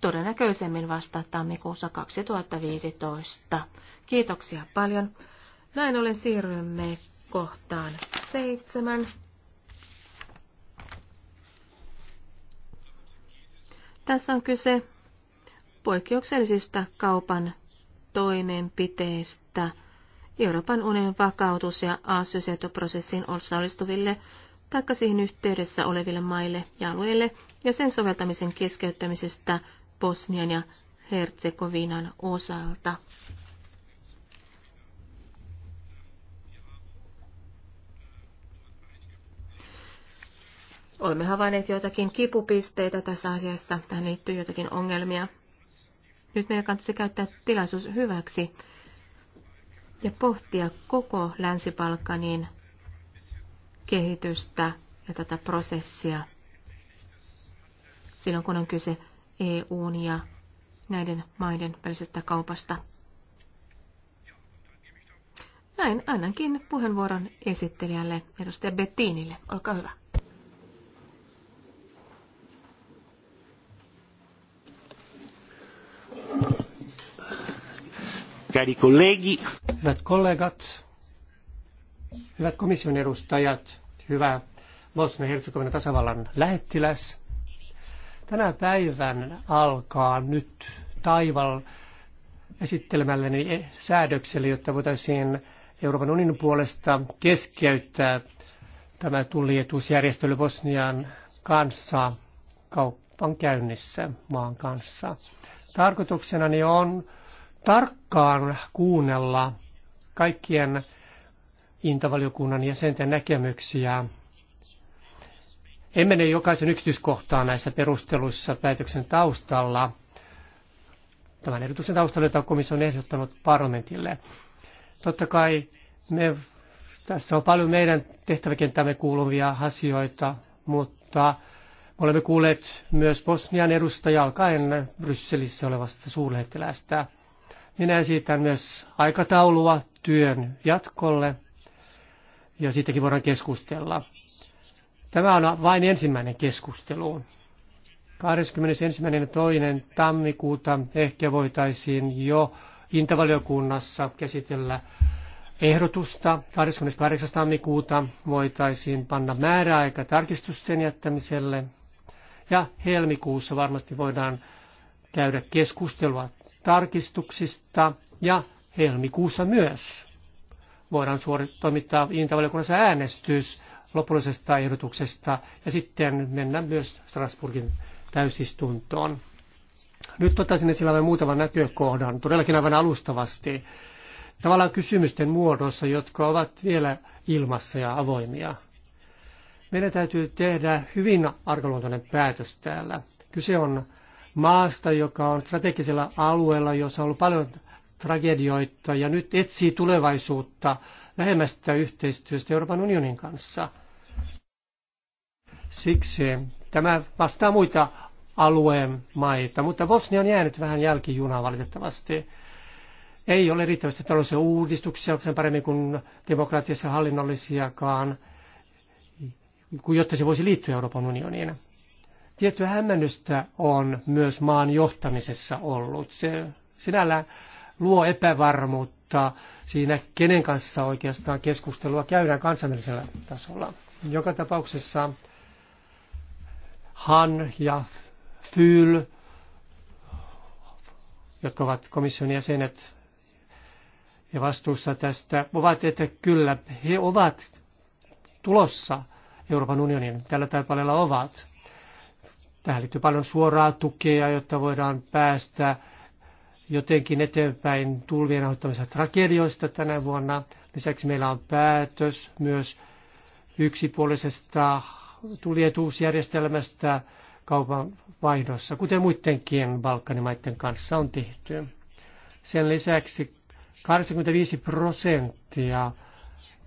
B: todennäköisemmin vasta tammikuussa 2015. Kiitoksia paljon. Näin ollen siirrymme kohtaan seitsemän. Tässä on kyse poikkeuksellisista kaupan toimenpiteistä Euroopan unionin vakautus- ja assosiaatioprosessin osallistuville taikka siihen yhteydessä oleville maille ja alueille ja sen soveltamisen keskeyttämisestä Bosnian ja Herzegovinan osalta. Olemme havainneet joitakin kipupisteitä tässä asiassa. Tähän liittyy joitakin ongelmia. Nyt meidän kannattaisi käyttää tilaisuus hyväksi ja pohtia koko länsi kehitystä ja tätä prosessia silloin, kun on kyse EUn ja näiden maiden välisestä kaupasta. Näin annankin puheenvuoron esittelijälle, edustaja Bettinille. Olkaa hyvä.
D: Cari colleghi. Hyvät kollegat, hyvät komission edustajat, hyvä Bosnia-Herzegovina tasavallan lähettiläs. Tänä päivän alkaa nyt taival esittelemälleni säädökselle, jotta voitaisiin Euroopan unionin puolesta keskeyttää tämä tullietuusjärjestely Bosnian kanssa kauppankäynnissä maan kanssa. Tarkoituksenani niin on tarkkaan kuunnella kaikkien intavaliokunnan jäsenten näkemyksiä. En mene jokaisen yksityiskohtaan näissä perusteluissa päätöksen taustalla, tämän ehdotuksen taustalla, jota komissio on ehdottanut parlamentille. Totta kai me, tässä on paljon meidän tehtäväkenttämme kuuluvia asioita, mutta me olemme kuulleet myös Bosnian edustajaa alkaen Brysselissä olevasta suurlähettilästä. Minä esitän myös aikataulua työn jatkolle ja siitäkin voidaan keskustella. Tämä on vain ensimmäinen keskustelu. 21.2. tammikuuta ehkä voitaisiin jo intavaliokunnassa käsitellä ehdotusta. 28. tammikuuta voitaisiin panna määräaika tarkistusten jättämiselle. Ja helmikuussa varmasti voidaan käydä keskustelua tarkistuksista ja helmikuussa myös voidaan toimittaa Intavaliokunnassa äänestys lopullisesta ehdotuksesta ja sitten mennä myös Strasbourgin täysistuntoon. Nyt ottaisin esillä vain muutaman näkökohdan, todellakin aivan alustavasti, tavallaan kysymysten muodossa, jotka ovat vielä ilmassa ja avoimia. Meidän täytyy tehdä hyvin arkaluontoinen päätös täällä. Kyse on maasta, joka on strategisella alueella, jossa on ollut paljon tragedioita ja nyt etsii tulevaisuutta lähemmästä yhteistyöstä Euroopan unionin kanssa. Siksi tämä vastaa muita alueen maita, mutta Bosnia on jäänyt vähän jälkijunaa valitettavasti. Ei ole riittävästi taloudellisia uudistuksia sen paremmin kuin demokraattisia hallinnollisiakaan, jotta se voisi liittyä Euroopan unioniin. Tiettyä hämmennystä on myös maan johtamisessa ollut. Se sinällä luo epävarmuutta siinä, kenen kanssa oikeastaan keskustelua käydään kansainvälisellä tasolla. Joka tapauksessa Han ja Fyl, jotka ovat komission jäsenet ja vastuussa tästä, ovat, että kyllä he ovat tulossa Euroopan unionin tällä taipaleella ovat. Tähän liittyy paljon suoraa tukea, jotta voidaan päästä jotenkin eteenpäin tulvien aiheuttamista tragedioista tänä vuonna. Lisäksi meillä on päätös myös yksipuolisesta tulietuusjärjestelmästä kaupan vaihdossa, kuten muidenkin Balkanimaiden kanssa on tehty. Sen lisäksi 85 prosenttia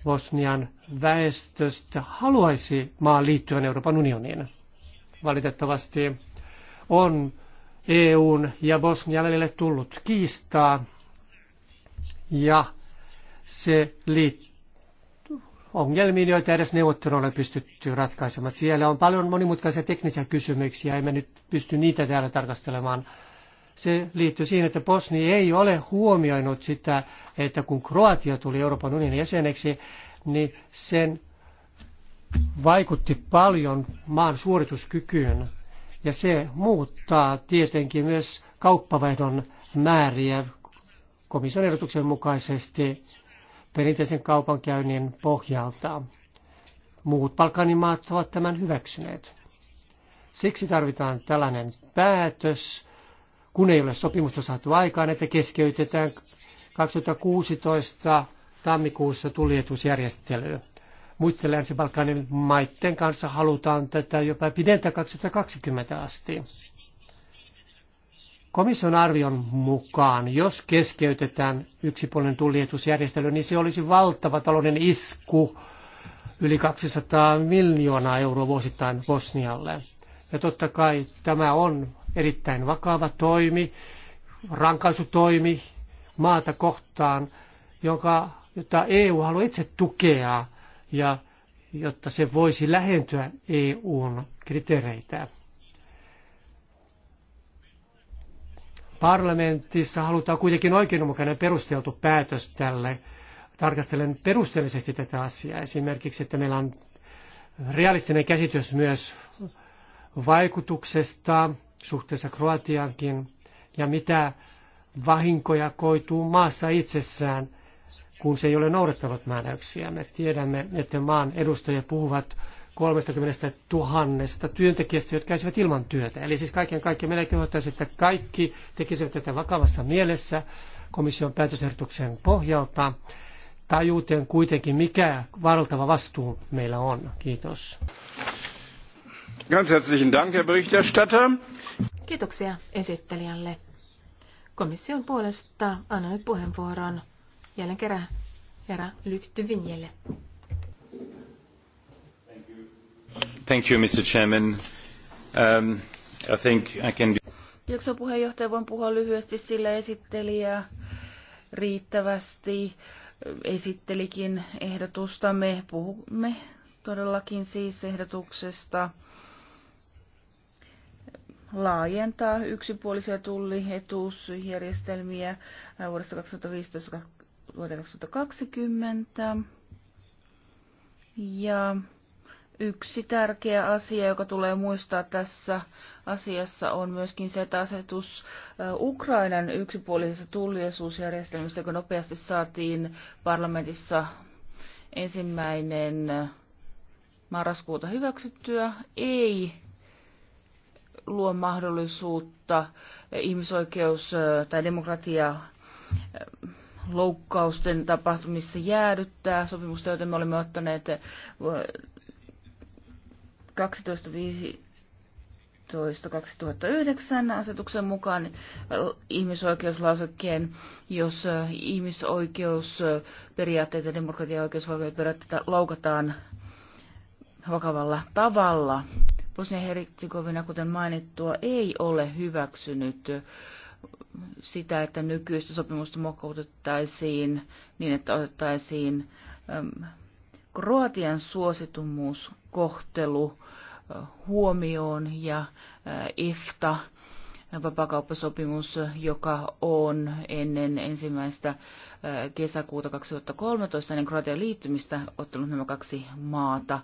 D: Bosnian väestöstä haluaisi maan liittyä Euroopan unioniin valitettavasti on EUn ja Bosnian välille tullut kiistaa ja se liittyy ongelmiin, joita edes neuvotteluilla on pystytty ratkaisemaan. Siellä on paljon monimutkaisia teknisiä kysymyksiä, emme nyt pysty niitä täällä tarkastelemaan. Se liittyy siihen, että Bosni ei ole huomioinut sitä, että kun Kroatia tuli Euroopan unionin jäseneksi, niin sen vaikutti paljon maan suorituskykyyn ja se muuttaa tietenkin myös kauppavaihdon määriä komission ehdotuksen mukaisesti perinteisen kaupankäynnin pohjalta. Muut Balkanimaat ovat tämän hyväksyneet. Siksi tarvitaan tällainen päätös, kun ei ole sopimusta saatu aikaan, että keskeytetään 2016 tammikuussa tulietusjärjestely muiden länsi-Balkanin maiden kanssa halutaan tätä jopa pidentää 2020 asti. Komission arvion mukaan, jos keskeytetään yksipuolinen tuljetusjärjestely, niin se olisi valtava talouden isku yli 200 miljoonaa euroa vuosittain Bosnialle. Ja totta kai tämä on erittäin vakava toimi, rankaisutoimi maata kohtaan, jonka, jota EU haluaa itse tukea – ja jotta se voisi lähentyä EUn kriteereitä. Parlamentissa halutaan kuitenkin oikeudenmukainen perusteltu päätös tälle. Tarkastelen perusteellisesti tätä asiaa. Esimerkiksi, että meillä on realistinen käsitys myös vaikutuksesta suhteessa Kroatiankin ja mitä vahinkoja koituu maassa itsessään kun se ei ole noudattanut määräyksiä. Me tiedämme, että maan edustajat puhuvat 30 000 työntekijästä, jotka käisivät ilman työtä. Eli siis kaiken kaikkiaan meidän kehottaisi, että kaikki tekisivät tätä vakavassa mielessä komission päätösehdotuksen pohjalta. Tajuuten kuitenkin, mikä valtava vastuu meillä on. Kiitos.
A: Ganz herzlichen Dank, Herr Berichterstatter.
B: Kiitoksia esittelijälle. Komission puolesta annan nyt puheenvuoron Jälleen kerran herra Lyktyvinjelle.
A: Thank you, Mr. Chairman. Um, I think I can be...
C: Kiitoksia puheenjohtaja. Voin puhua lyhyesti sillä esittelijä riittävästi esittelikin ehdotusta. Me puhumme todellakin siis ehdotuksesta laajentaa yksipuolisia tullietuusjärjestelmiä vuodesta 2015 vuoteen 2020. Ja yksi tärkeä asia, joka tulee muistaa tässä asiassa, on myöskin se, että asetus Ukrainan yksipuolisesta tulliesuusjärjestelmästä, joka nopeasti saatiin parlamentissa ensimmäinen marraskuuta hyväksyttyä, ei luo mahdollisuutta ihmisoikeus- tai demokratia loukkausten tapahtumissa jäädyttää sopimusta, joten me olemme ottaneet 12.5 eh, 2009 asetuksen mukaan ihmisoikeuslausekkeen, jos eh, ihmisoikeusperiaatteet ja demokratia- ja oikeusvaltioperiaatteita loukataan vakavalla tavalla. Bosnia-Herzegovina, kuten mainittua, ei ole hyväksynyt sitä, että nykyistä sopimusta mokoutettaisiin niin, että otettaisiin Kroatian suositumuuskohtelu äh, huomioon ja äh, IFTA, äh, vapakauppasopimus, joka on ennen ensimmäistä kesäkuuta 2013, ennen Kroatian liittymistä, ottanut nämä kaksi maata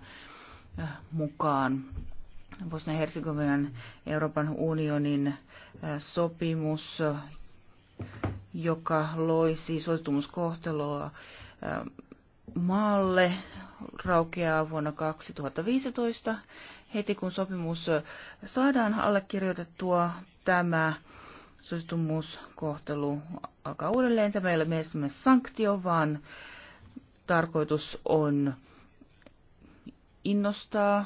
C: mukaan Bosnia-Herzegovinan Euroopan unionin äh, sopimus, joka loi siis suostumuskohtelua äh, maalle, raukeaa vuonna 2015. Heti kun sopimus äh, saadaan allekirjoitettua, tämä suostumuskohtelu alkaa uudelleen. Tämä ei ole mielestämme sanktio, vaan tarkoitus on innostaa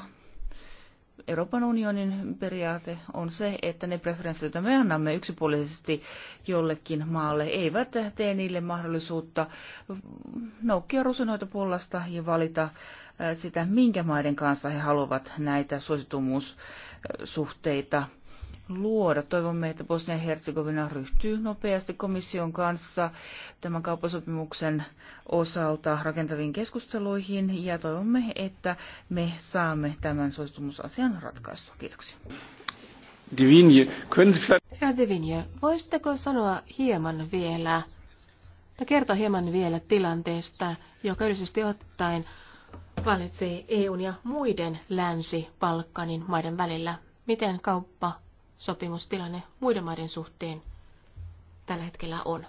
C: Euroopan unionin periaate on se, että ne preferenssit, joita me annamme yksipuolisesti jollekin maalle, eivät tee niille mahdollisuutta noukkia rusinoita pullasta ja valita äh, sitä, minkä maiden kanssa he haluavat näitä suositumuussuhteita luoda. Toivomme, että Bosnia-Herzegovina ryhtyy nopeasti komission kanssa tämän kauppasopimuksen osalta rakentaviin keskusteluihin ja toivomme, että me saamme tämän suostumusasian ratkaistua. Kiitoksia.
B: Herra Divinje, voisitteko sanoa hieman vielä, tai kertoa hieman vielä tilanteesta, joka yleisesti ottaen valitsee EUn ja muiden Länsi-Balkanin maiden välillä? Miten kauppa sopimustilanne muiden maiden suhteen tällä hetkellä on.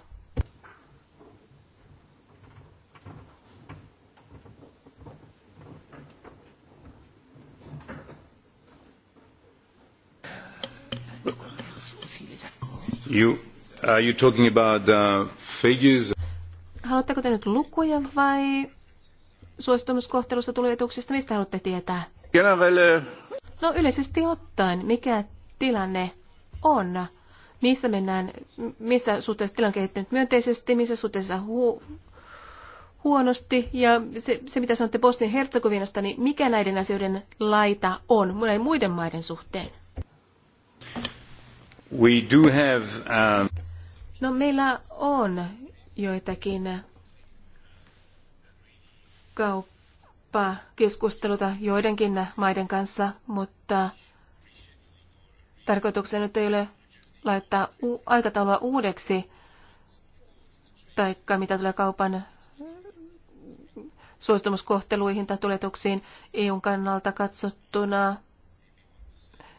A: You, are you talking about uh, figures?
B: Haluatteko te nyt lukuja vai suostumuskohtelusta tuli etuuksista? Mistä haluatte tietää? No yleisesti ottaen, mikä tilanne on, missä mennään, missä suhteessa tilanne on kehittynyt myönteisesti, missä suhteessa hu- huonosti. Ja se, se mitä sanotte Bosnian Herzegovinasta, niin mikä näiden asioiden laita on näiden muiden maiden suhteen?
A: We do have, uh...
B: No meillä on joitakin kauppakeskusteluta joidenkin maiden kanssa, mutta Tarkoituksena nyt ei ole laittaa u- aikataulua uudeksi, taikka mitä tulee kaupan suostumuskohteluihin tai tuletuksiin EUn kannalta katsottuna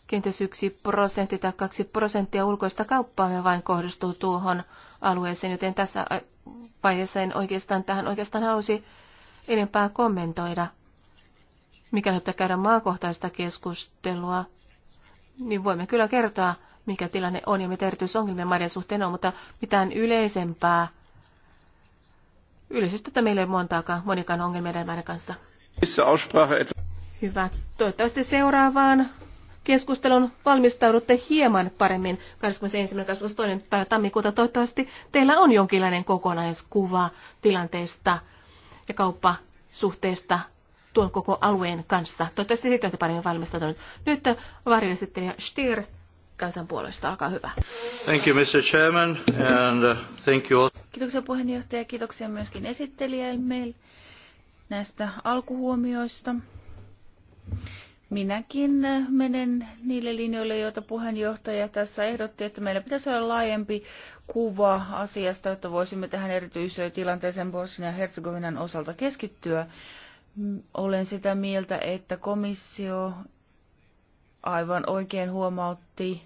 B: kenties yksi prosentti tai kaksi prosenttia ulkoista kauppaa me vain kohdistuu tuohon alueeseen, joten tässä vaiheessa en oikeastaan tähän oikeastaan halusi enempää kommentoida. Mikäli nyt käydä maakohtaista keskustelua niin voimme kyllä kertoa, mikä tilanne on ja mitä erityisongelmia maiden suhteen on, mutta mitään yleisempää. Yleisesti, että meillä ei ole montaakaan, monikaan ongelmia maiden kanssa. Hyvä. Toivottavasti seuraavaan keskustelun valmistaudutte hieman paremmin 21.22. päivä tammikuuta. Toivottavasti teillä on jonkinlainen kokonaiskuva tilanteesta ja kauppasuhteesta tuon koko alueen kanssa. Toivottavasti siitä olette paremmin valmistautunut. Nyt varjoesittelijä Stier kansan puolesta. Olkaa
C: hyvä.
A: Thank you, Mr. Chairman, and uh, thank you all.
C: Kiitoksia puheenjohtaja, kiitoksia myöskin esittelijäille näistä alkuhuomioista. Minäkin menen niille linjoille, joita puheenjohtaja tässä ehdotti, että meillä pitäisi olla laajempi kuva asiasta, jotta voisimme tähän erityiseen tilanteeseen Bosnia ja Herzegovinan osalta keskittyä. Olen sitä mieltä, että komissio aivan oikein huomautti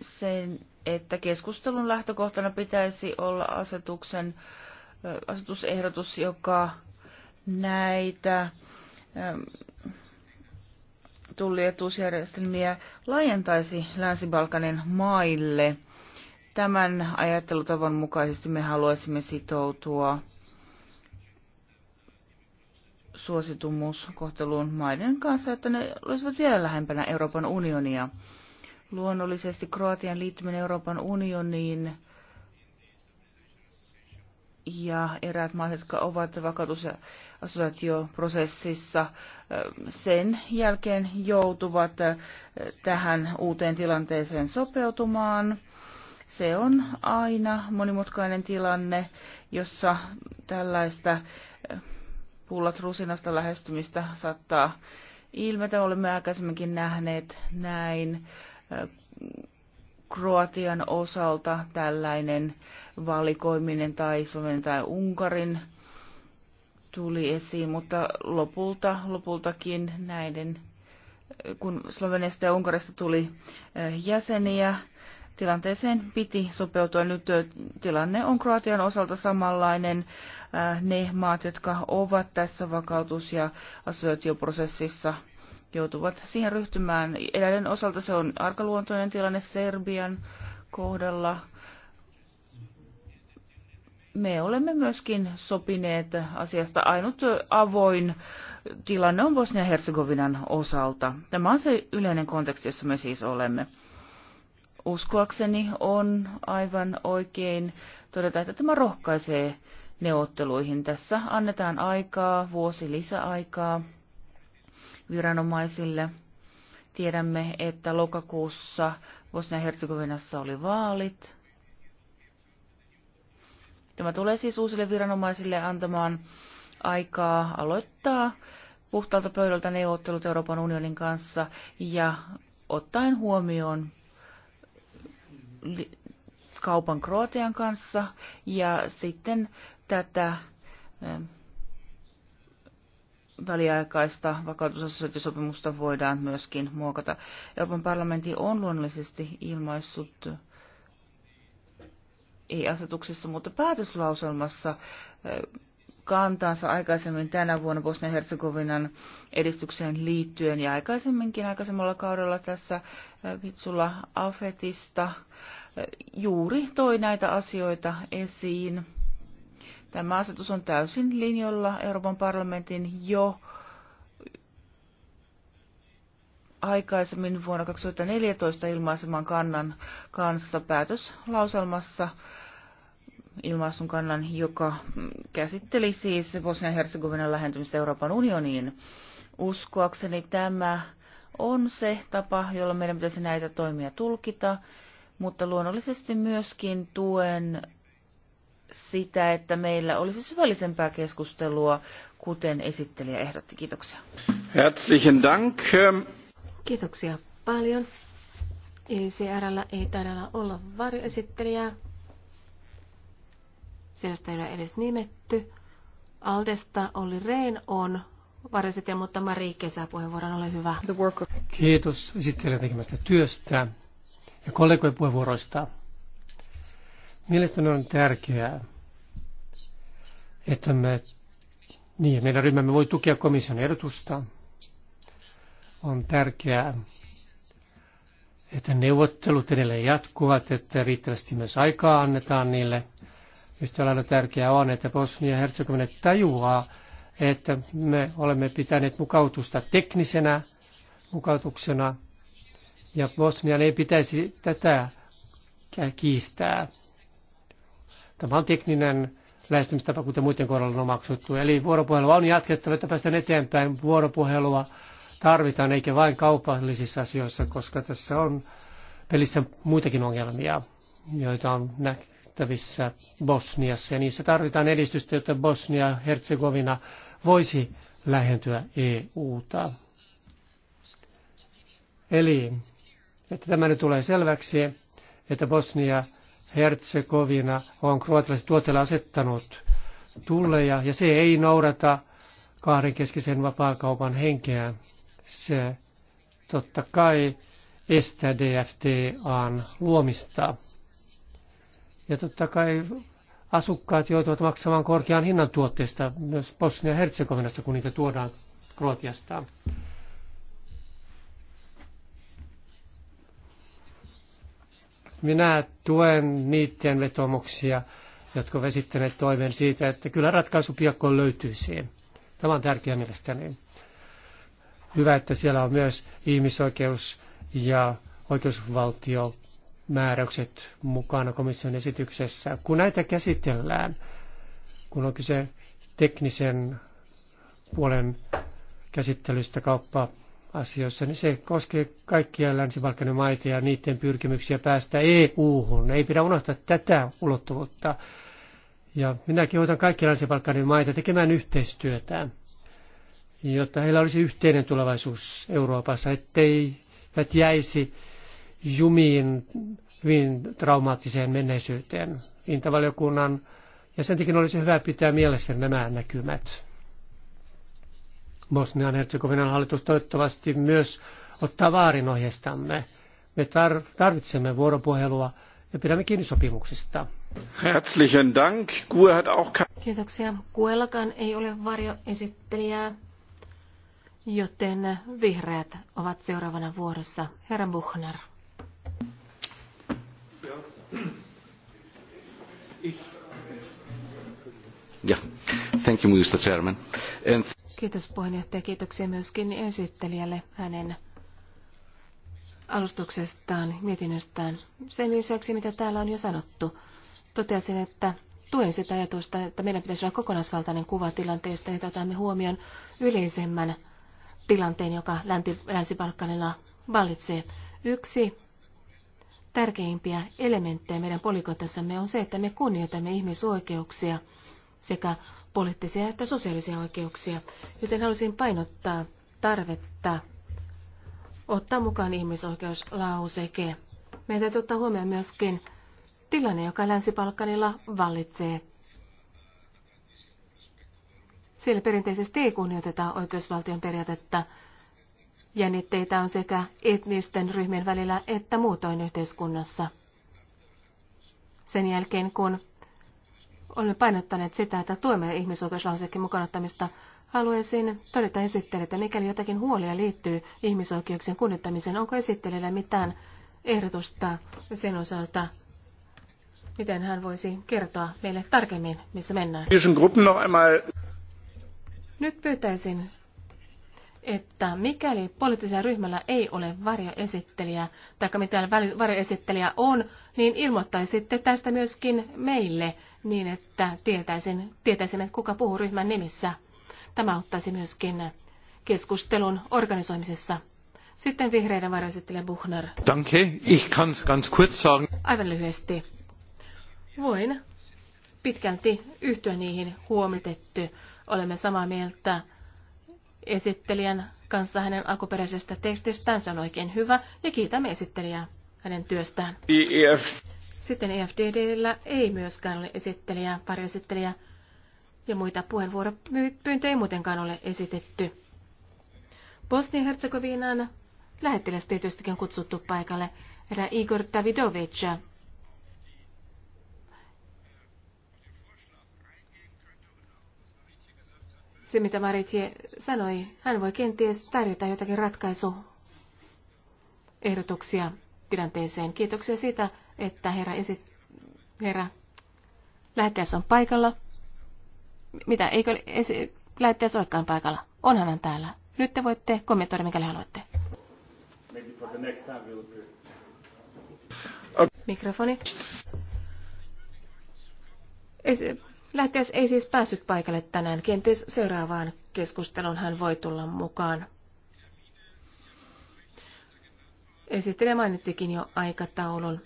C: sen, että keskustelun lähtökohtana pitäisi olla asetuksen, asetusehdotus, joka näitä tullietuusjärjestelmiä laajentaisi Länsi-Balkanin maille. Tämän ajattelutavan mukaisesti me haluaisimme sitoutua suositumuskohteluun maiden kanssa, että ne olisivat vielä lähempänä Euroopan unionia. Luonnollisesti Kroatian liittyminen Euroopan unioniin ja eräät maat, jotka ovat vakautus- ja assosiaatioprosessissa, sen jälkeen joutuvat tähän uuteen tilanteeseen sopeutumaan. Se on aina monimutkainen tilanne, jossa tällaista pullat rusinasta lähestymistä saattaa ilmetä. Olemme aikaisemminkin nähneet näin. Kroatian osalta tällainen valikoiminen tai Suomen tai Unkarin tuli esiin, mutta lopulta, lopultakin näiden, kun Sloveniasta ja Unkarista tuli jäseniä, tilanteeseen piti sopeutua. Nyt tilanne on Kroatian osalta samanlainen. Äh, ne maat, jotka ovat tässä vakautus- ja assosiaatioprosessissa joutuvat siihen ryhtymään. Eläinen osalta se on arkaluontoinen tilanne Serbian kohdalla. Me olemme myöskin sopineet asiasta. Ainut avoin tilanne on Bosnia-Herzegovinan osalta. Tämä on se yleinen konteksti, jossa me siis olemme. Uskoakseni on aivan oikein todeta, että tämä rohkaisee neuvotteluihin. Tässä annetaan aikaa, vuosi lisäaikaa viranomaisille. Tiedämme, että lokakuussa Bosnia-Herzegovinassa oli vaalit. Tämä tulee siis uusille viranomaisille antamaan aikaa aloittaa puhtaalta pöydältä neuvottelut Euroopan unionin kanssa ja ottaen huomioon kaupan Kroatian kanssa ja sitten tätä eh, väliaikaista vakautusasiointisopimusta voidaan myöskin muokata. Euroopan parlamentti on luonnollisesti ilmaissut ei asetuksessa, mutta päätöslauselmassa eh, kantaansa aikaisemmin tänä vuonna Bosnia-Herzegovinan edistykseen liittyen ja aikaisemminkin aikaisemmalla kaudella tässä eh, Vitsulla Afetista juuri toi näitä asioita esiin. Tämä asetus on täysin linjolla Euroopan parlamentin jo aikaisemmin vuonna 2014 ilmaiseman kannan kanssa päätöslauselmassa ilmaisun kannan, joka käsitteli siis Bosnia-Herzegovinan lähentymistä Euroopan unioniin. Uskoakseni tämä on se tapa, jolla meidän pitäisi näitä toimia tulkita, mutta luonnollisesti myöskin tuen sitä, että meillä olisi syvällisempää keskustelua, kuten esittelijä ehdotti. Kiitoksia.
A: Herzlichen Dank. Ähm,
C: Kiitoksia paljon.
B: ECRllä ei taida olla varjoesittelijää. Sellaista ei ole edes nimetty. Aldesta oli Rein on varjoesittelijä, mutta Mari kesäpuheenvuoron ole hyvä.
D: Kiitos esittelijä tekemästä työstä ja kollegojen puheenvuoroista. Mielestäni on tärkeää, että me, niin, meidän ryhmämme voi tukea komission ehdotusta. On tärkeää, että neuvottelut edelleen jatkuvat, että riittävästi myös aikaa annetaan niille. Yhtä lailla tärkeää on, että Bosnia ja Herzegovina tajuaa, että me olemme pitäneet mukautusta teknisenä mukautuksena, ja Bosnian ei pitäisi tätä kiistää. Tämä on tekninen lähestymistapa, kuten muiden kohdalla on omaksuttu. Eli vuoropuhelua on jatkettava, että päästään eteenpäin. Vuoropuhelua tarvitaan, eikä vain kaupallisissa asioissa, koska tässä on pelissä muitakin ongelmia, joita on nähtävissä Bosniassa. Ja niissä tarvitaan edistystä, jotta Bosnia ja Herzegovina voisi lähentyä EU-ta. Eli, että tämä nyt tulee selväksi, että Bosnia Herzegovina on kroatialaiset tuotteille asettanut tulleja, ja se ei noudata kahdenkeskisen vapaakaupan henkeä. Se totta kai estää DFTAn luomista. Ja totta kai asukkaat joutuvat maksamaan korkean hinnan tuotteista myös Bosnia-Herzegovinassa, kun niitä tuodaan Kroatiasta. Minä tuen niiden vetomuksia, jotka ovat esittäneet toiveen siitä, että kyllä ratkaisu piakkoon löytyisi. Tämä on tärkeää mielestäni. Hyvä, että siellä on myös ihmisoikeus ja oikeusvaltio määräykset mukana komission esityksessä. Kun näitä käsitellään, kun on kyse teknisen puolen käsittelystä kauppa asioissa, niin se koskee kaikkia länsi maita ja niiden pyrkimyksiä päästä EU-hun. Ei pidä unohtaa tätä ulottuvuutta. Ja minäkin hoitan kaikkia länsi maita tekemään yhteistyötä, jotta heillä olisi yhteinen tulevaisuus Euroopassa, ettei et jäisi jumiin hyvin traumaattiseen menneisyyteen. Intavaliokunnan ja sen takia olisi hyvä pitää mielessä nämä näkymät. Bosnian Herzegovinan hallitus toivottavasti myös ottaa vaarin ohjeistamme. Me tar- tarvitsemme vuoropuhelua ja pidämme kiinni sopimuksista.
A: Herzlichen Dank. Kue hat auch
B: Kiitoksia. Kuellakaan ei ole varjoesittelijää, joten vihreät ovat seuraavana vuorossa. Herra Buchner.
A: Ja Thank you, Mr. Chairman. And
B: Kiitos puheenjohtaja. Kiitoksia myöskin esittelijälle hänen alustuksestaan, mietinnöstään. Sen lisäksi, mitä täällä on jo sanottu, toteasin, että tuen sitä ajatusta, että meidän pitäisi olla kokonaisvaltainen kuva tilanteesta, niin otamme huomioon yleisemmän tilanteen, joka länsi länsi vallitsee. Yksi tärkeimpiä elementtejä meidän polikotassamme on se, että me kunnioitamme ihmisoikeuksia sekä poliittisia että sosiaalisia oikeuksia, joten haluaisin painottaa tarvetta ottaa mukaan ihmisoikeuslauseke. Meidän täytyy ottaa huomioon myöskin tilanne, joka Länsi-Balkanilla vallitsee. Siellä perinteisesti ei kunnioiteta oikeusvaltion periaatetta. Jännitteitä on sekä etnisten ryhmien välillä että muutoin yhteiskunnassa. Sen jälkeen, kun Olemme painottaneet sitä, että tuemme ihmisoikeuslausekkeen ottamista. Haluaisin todeta esittele, että mikäli jotakin huolia liittyy ihmisoikeuksien kunnittamiseen, onko esittelijällä mitään ehdotusta sen osalta, miten hän voisi kertoa meille tarkemmin, missä mennään. Nyt pyytäisin että mikäli poliittisella ryhmällä ei ole varjoesittelijä, tai mitään varjoesittelijä on, niin ilmoittaisitte tästä myöskin meille, niin että tietäisin, tietäisimme, kuka puhuu ryhmän nimissä. Tämä auttaisi myöskin keskustelun organisoimisessa. Sitten vihreiden varjoesittelijä Buchner.
A: Danke, ich kann's ganz kurz sagen.
B: Aivan lyhyesti. Voin pitkälti yhtyä niihin huomitetty. Olemme samaa mieltä esittelijän kanssa hänen alkuperäisestä tekstistään. Se on oikein hyvä ja kiitämme esittelijää hänen työstään. EF. Sitten EFDDllä ei myöskään ole esittelijää, pari esittelijää ja muita puheenvuoropyyntöjä ei muutenkaan ole esitetty. Bosnia-Herzegovinan lähettiläs tietystikin on kutsuttu paikalle, herra Igor Davidovic se, mitä Maritje sanoi, hän voi kenties tarjota jotakin ratkaisuehdotuksia tilanteeseen. Kiitoksia siitä, että herra, esi- herra lähettäjäs on paikalla. Mitä, eikö esi- lähettäjäs olekaan paikalla? Onhan hän täällä. Nyt te voitte kommentoida, mikäli haluatte. Mikrofoni. Esi- Lähtiäs ei siis päässyt paikalle tänään. Kenties seuraavaan keskusteluun hän voi tulla mukaan. Esittelijä mainitsikin jo aikataulun. 20.21.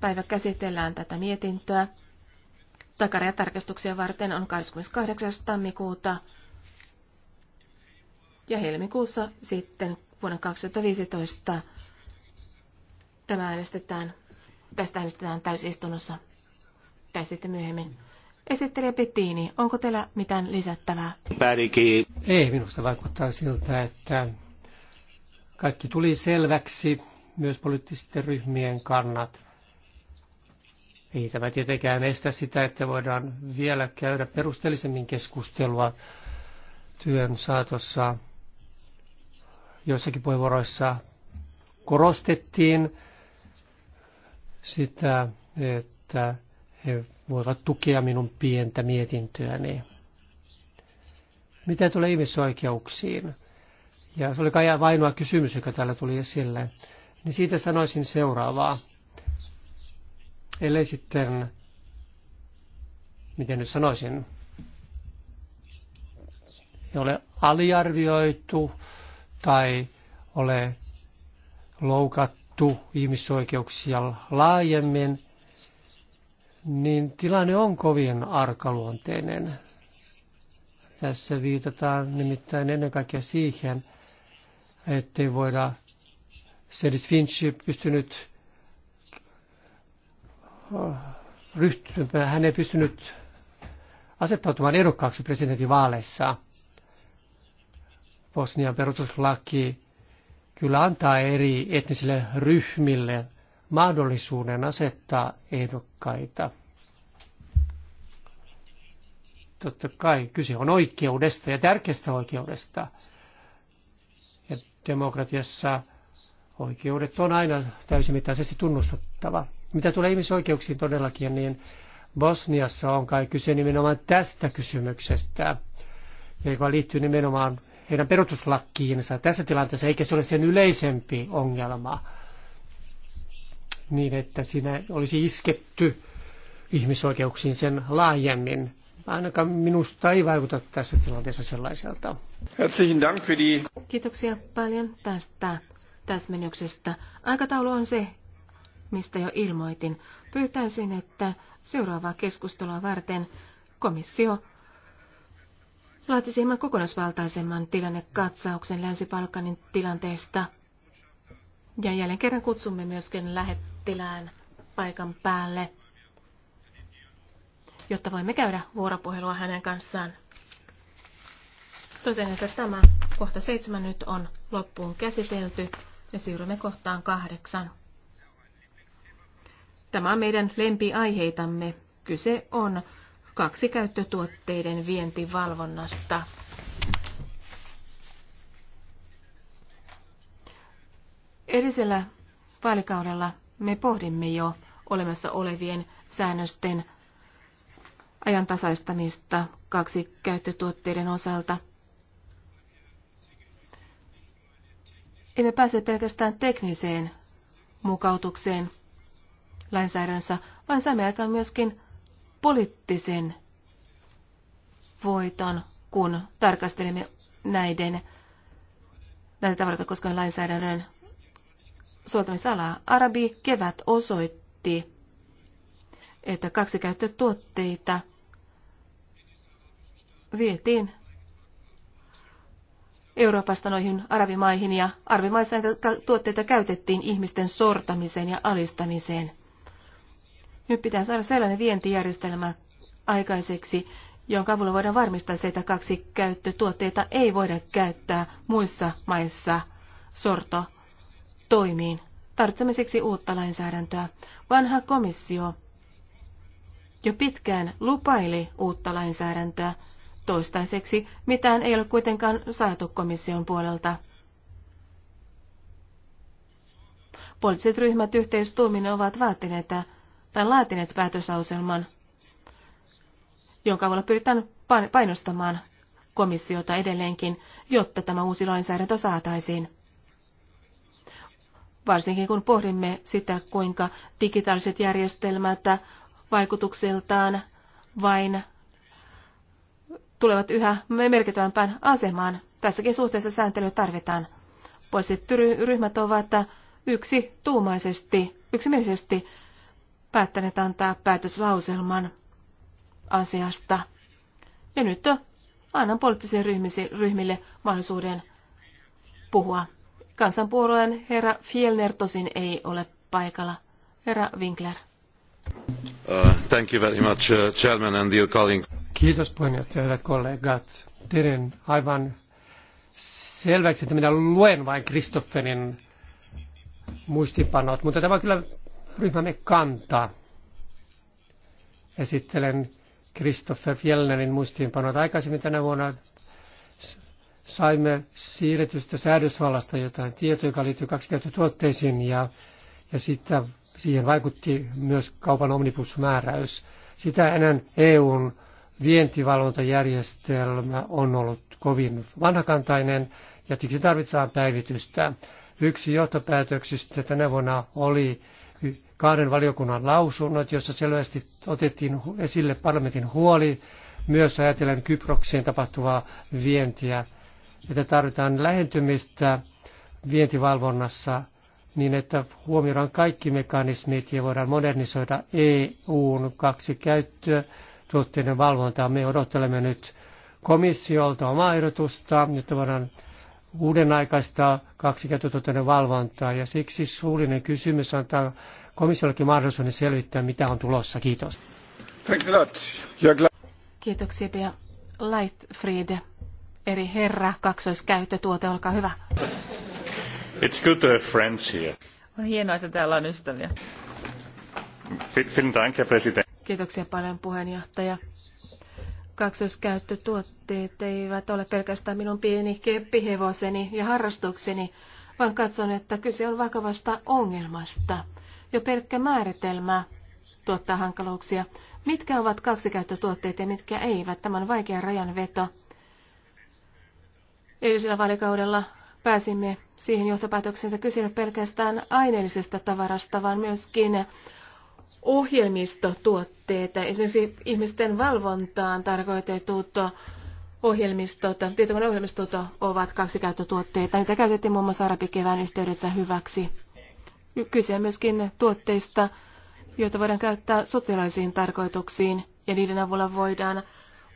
B: päivä käsitellään tätä mietintöä. Takarajatarkastuksia varten on 28. tammikuuta ja helmikuussa sitten vuonna 2015 tämä äänestetään, tästä äänestetään täysistunnossa tai sitten myöhemmin. Esittelijä Pettini, onko teillä mitään lisättävää?
D: Pärikin. Ei, minusta vaikuttaa siltä, että kaikki tuli selväksi, myös poliittisten ryhmien kannat. Ei tämä tietenkään estä sitä, että voidaan vielä käydä perusteellisemmin keskustelua työn saatossa. Joissakin puheenvuoroissa korostettiin sitä, että he voivat tukea minun pientä mietintöäni. Mitä tulee ihmisoikeuksiin? Ja se oli kai ainoa kysymys, joka täällä tuli esille. Niin siitä sanoisin seuraavaa. Ellei sitten, miten nyt sanoisin, ei ole aliarvioitu tai ole loukattu ihmisoikeuksia laajemmin, niin tilanne on kovin arkaluonteinen. Tässä viitataan nimittäin ennen kaikkea siihen, ettei voida Sedith Finchi pystynyt ryhtymään, hän ei pystynyt asettautumaan ehdokkaaksi vaaleissa. Bosnian perustuslaki kyllä antaa eri etnisille ryhmille mahdollisuuden asettaa ehdokkaita. Totta kai kyse on oikeudesta ja tärkeästä oikeudesta. Ja demokratiassa oikeudet on aina täysimittaisesti tunnustettava. Mitä tulee ihmisoikeuksiin todellakin, niin Bosniassa on kai kyse nimenomaan tästä kysymyksestä, joka liittyy nimenomaan heidän perustuslakkiinsa tässä tilanteessa, eikä se ole sen yleisempi ongelma niin, että siinä olisi isketty ihmisoikeuksiin sen laajemmin. Ainakaan minusta ei vaikuta tässä tilanteessa sellaiselta.
B: Kiitoksia paljon tästä täsmennyksestä. Aikataulu on se, mistä jo ilmoitin. Pyytäisin, että seuraavaa keskustelua varten komissio laatisi hieman kokonaisvaltaisemman tilannekatsauksen Länsi-Balkanin tilanteesta. Ja jälleen kerran kutsumme myöskin lähet lähettilään paikan päälle, jotta voimme käydä vuoropuhelua hänen kanssaan. Toten, että tämä kohta seitsemän nyt on loppuun käsitelty ja siirrymme kohtaan kahdeksan. Tämä on meidän lempiaiheitamme. Kyse on kaksi käyttötuotteiden vientivalvonnasta. Edisellä vaalikaudella me pohdimme jo olemassa olevien säännösten ajantasaistamista kaksi käyttötuotteiden osalta. Emme pääse pelkästään tekniseen mukautukseen lainsäädännössä, vaan saamme aikaan myöskin poliittisen voiton, kun tarkastelemme näiden näitä tavaroita koskevan lainsäädännön soveltamisalaa. Arabi kevät osoitti, että kaksikäyttötuotteita vietiin Euroopasta noihin arabimaihin ja arabimaissa näitä tuotteita käytettiin ihmisten sortamiseen ja alistamiseen. Nyt pitää saada sellainen vientijärjestelmä aikaiseksi, jonka avulla voidaan varmistaa se, että kaksi käyttötuotteita ei voida käyttää muissa maissa sorto- toimiin siksi uutta lainsäädäntöä. Vanha komissio jo pitkään lupaili uutta lainsäädäntöä. Toistaiseksi mitään ei ole kuitenkaan saatu komission puolelta. Poliittiset ryhmät yhteistuumin ovat vaatineet tai laatineet päätösauselman, jonka avulla pyritään painostamaan komissiota edelleenkin, jotta tämä uusi lainsäädäntö saataisiin varsinkin kun pohdimme sitä, kuinka digitaaliset järjestelmät vaikutuksiltaan vain tulevat yhä merkittävämpään asemaan. Tässäkin suhteessa sääntely tarvitaan. Poliittiset ryhmät ovat yksi tuumaisesti, yksimielisesti päättäneet antaa päätöslauselman asiasta. Ja nyt annan poliittisille ryhmille mahdollisuuden puhua. Kansanpuolueen herra Fielner tosin ei ole paikalla. Herra Winkler.
A: Uh, thank you very much, uh, Chairman and dear colleagues.
D: Kiitos puheenjohtaja, hyvät kollegat. Tiedän aivan selväksi, että minä luen vain Kristofferin muistipanot, mutta tämä on kyllä ryhmämme kanta. Esittelen Kristoffer Fjellnerin muistiinpanot aikaisemmin tänä vuonna saimme siirretystä säädösvallasta jotain tietoa, joka liittyy kaksikäyttötuotteisiin ja, ja sitten siihen vaikutti myös kaupan omnibusmääräys. Sitä ennen EUn vientivalvontajärjestelmä on ollut kovin vanhakantainen ja siksi tarvitaan päivitystä. Yksi johtopäätöksistä tänä vuonna oli kahden valiokunnan lausunnot, jossa selvästi otettiin esille parlamentin huoli myös ajatellen Kyprokseen tapahtuvaa vientiä että tarvitaan lähentymistä vientivalvonnassa niin, että huomioidaan kaikki mekanismit ja voidaan modernisoida EUn kaksi käyttöä tuotteiden valvontaa. Me odottelemme nyt komissiolta omaa ehdotusta, että voidaan uuden aikaista kaksikäyttötuotteiden valvontaa ja siksi suullinen kysymys antaa komissiollekin mahdollisuuden selvittää, mitä on tulossa. Kiitos. Thanks a lot.
B: Kiitoksia, Pia. Lightfried eri herra, kaksoiskäyttötuote, olkaa hyvä.
A: It's good to have friends here.
C: On hienoa, että täällä on ystäviä.
B: Kiitoksia paljon puheenjohtaja. Kaksoiskäyttötuotteet eivät ole pelkästään minun pieni keppihevoseni ja harrastukseni, vaan katson, että kyse on vakavasta ongelmasta. Jo pelkkä määritelmä tuottaa hankaluuksia. Mitkä ovat kaksikäyttötuotteet ja mitkä eivät? Tämä on vaikea rajanveto edellisellä vaalikaudella pääsimme siihen johtopäätökseen, että kyse pelkästään aineellisesta tavarasta, vaan myöskin ohjelmistotuotteita, esimerkiksi ihmisten valvontaan tarkoitetut ohjelmistot, tietokoneohjelmistot ovat kaksi käyttötuotteita. Niitä käytettiin muun muassa arabikevään yhteydessä hyväksi. Kyse on myöskin tuotteista, joita voidaan käyttää sotilaisiin tarkoituksiin, ja niiden avulla voidaan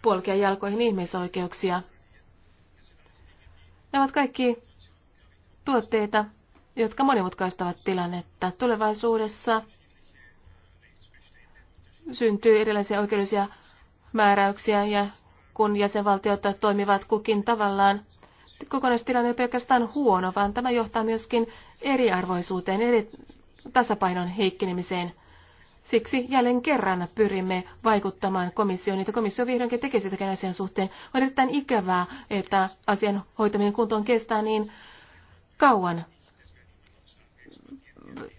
B: polkea jalkoihin ihmisoikeuksia ne ovat kaikki tuotteita, jotka monimutkaistavat tilannetta. Tulevaisuudessa syntyy erilaisia oikeudellisia määräyksiä ja kun jäsenvaltiot toimivat kukin tavallaan, kokonaistilanne ei pelkästään huono, vaan tämä johtaa myöskin eriarvoisuuteen, eri tasapainon heikkenemiseen – Siksi jälleen kerran pyrimme vaikuttamaan komissioon, että komissio vihdoinkin tekee sitäkin asian suhteen. On erittäin ikävää, että asian hoitaminen kuntoon kestää niin kauan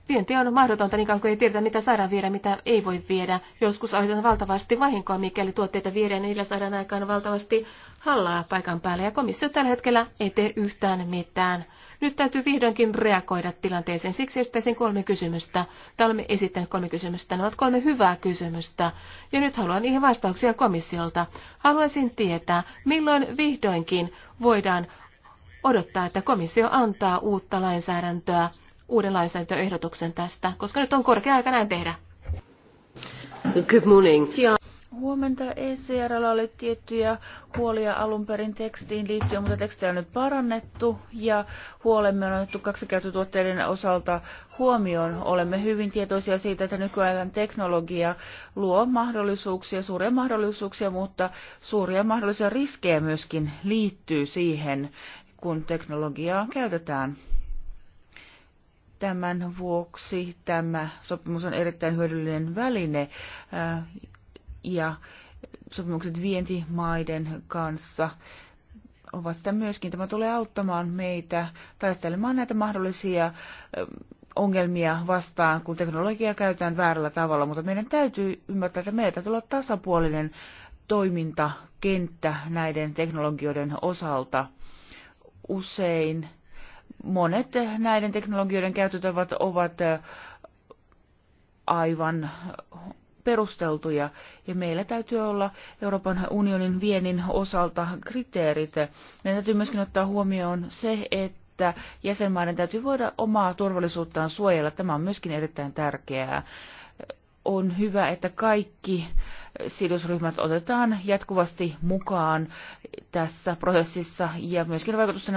B: vienti on mahdotonta niin kauan kuin ei tiedetä, mitä saadaan viedä, mitä ei voi viedä. Joskus aiheutetaan valtavasti vahinkoa, mikäli tuotteita viedään, niin niillä saadaan aikaan valtavasti hallaa paikan päälle. Ja komissio tällä hetkellä ei tee yhtään mitään. Nyt täytyy vihdoinkin reagoida tilanteeseen. Siksi esittäisin kolme kysymystä. Tai olemme esittäneet kolme kysymystä. Ne ovat kolme hyvää kysymystä. Ja nyt haluan niihin vastauksia komissiolta. Haluaisin tietää, milloin vihdoinkin voidaan odottaa, että komissio antaa uutta lainsäädäntöä uuden lainsäädäntöehdotuksen tästä, koska nyt on korkea aika näin tehdä.
C: Good morning. Huomenta ECRllä oli tiettyjä huolia alun perin tekstiin liittyen, mutta teksti on nyt parannettu ja huolemme on otettu kaksikäyttötuotteiden osalta huomioon. Olemme hyvin tietoisia siitä, että nykyajan teknologia luo mahdollisuuksia, suuria mahdollisuuksia, mutta suuria mahdollisia riskejä myöskin liittyy siihen, kun teknologiaa käytetään. Tämän vuoksi tämä sopimus on erittäin hyödyllinen väline äh, ja sopimukset vientimaiden kanssa ovat sitä myöskin. Tämä tulee auttamaan meitä taistelemaan näitä mahdollisia äh, ongelmia vastaan, kun teknologiaa käytetään väärällä tavalla, mutta meidän täytyy ymmärtää, että meillä täytyy olla tasapuolinen toimintakenttä näiden teknologioiden osalta. Usein monet näiden teknologioiden käytötavat ovat aivan perusteltuja ja meillä täytyy olla Euroopan unionin viennin osalta kriteerit. Meidän täytyy myöskin ottaa huomioon se, että jäsenmaiden täytyy voida omaa turvallisuuttaan suojella. Tämä on myöskin erittäin tärkeää on hyvä, että kaikki sidosryhmät otetaan jatkuvasti mukaan tässä prosessissa ja myöskin vaikutusten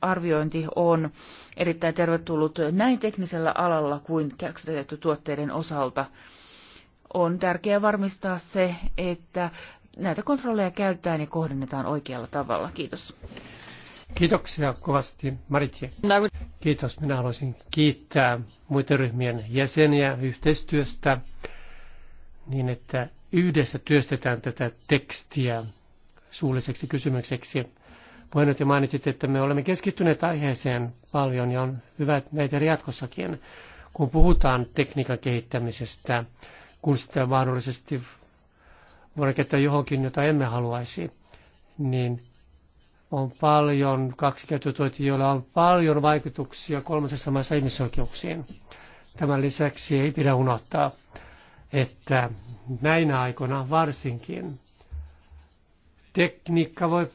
C: arviointi on erittäin tervetullut näin teknisellä alalla kuin käsitetty tuotteiden osalta. On tärkeää varmistaa se, että näitä kontrolleja käytetään ja kohdennetaan oikealla tavalla. Kiitos.
D: Kiitoksia kovasti, Maritje. Kiitos. Minä haluaisin kiittää muiden ryhmien jäseniä yhteistyöstä niin, että yhdessä työstetään tätä tekstiä suulliseksi kysymykseksi. Puheenjohtaja mainitsit, että me olemme keskittyneet aiheeseen paljon ja on hyvä, että näitä jatkossakin, kun puhutaan tekniikan kehittämisestä, kun sitä mahdollisesti voidaan käyttää johonkin, jota emme haluaisi, niin on paljon kertotuotia, joilla on paljon vaikutuksia kolmasessa maassa ihmisoikeuksiin. Tämän lisäksi ei pidä unohtaa, että näinä aikoina varsinkin tekniikka voi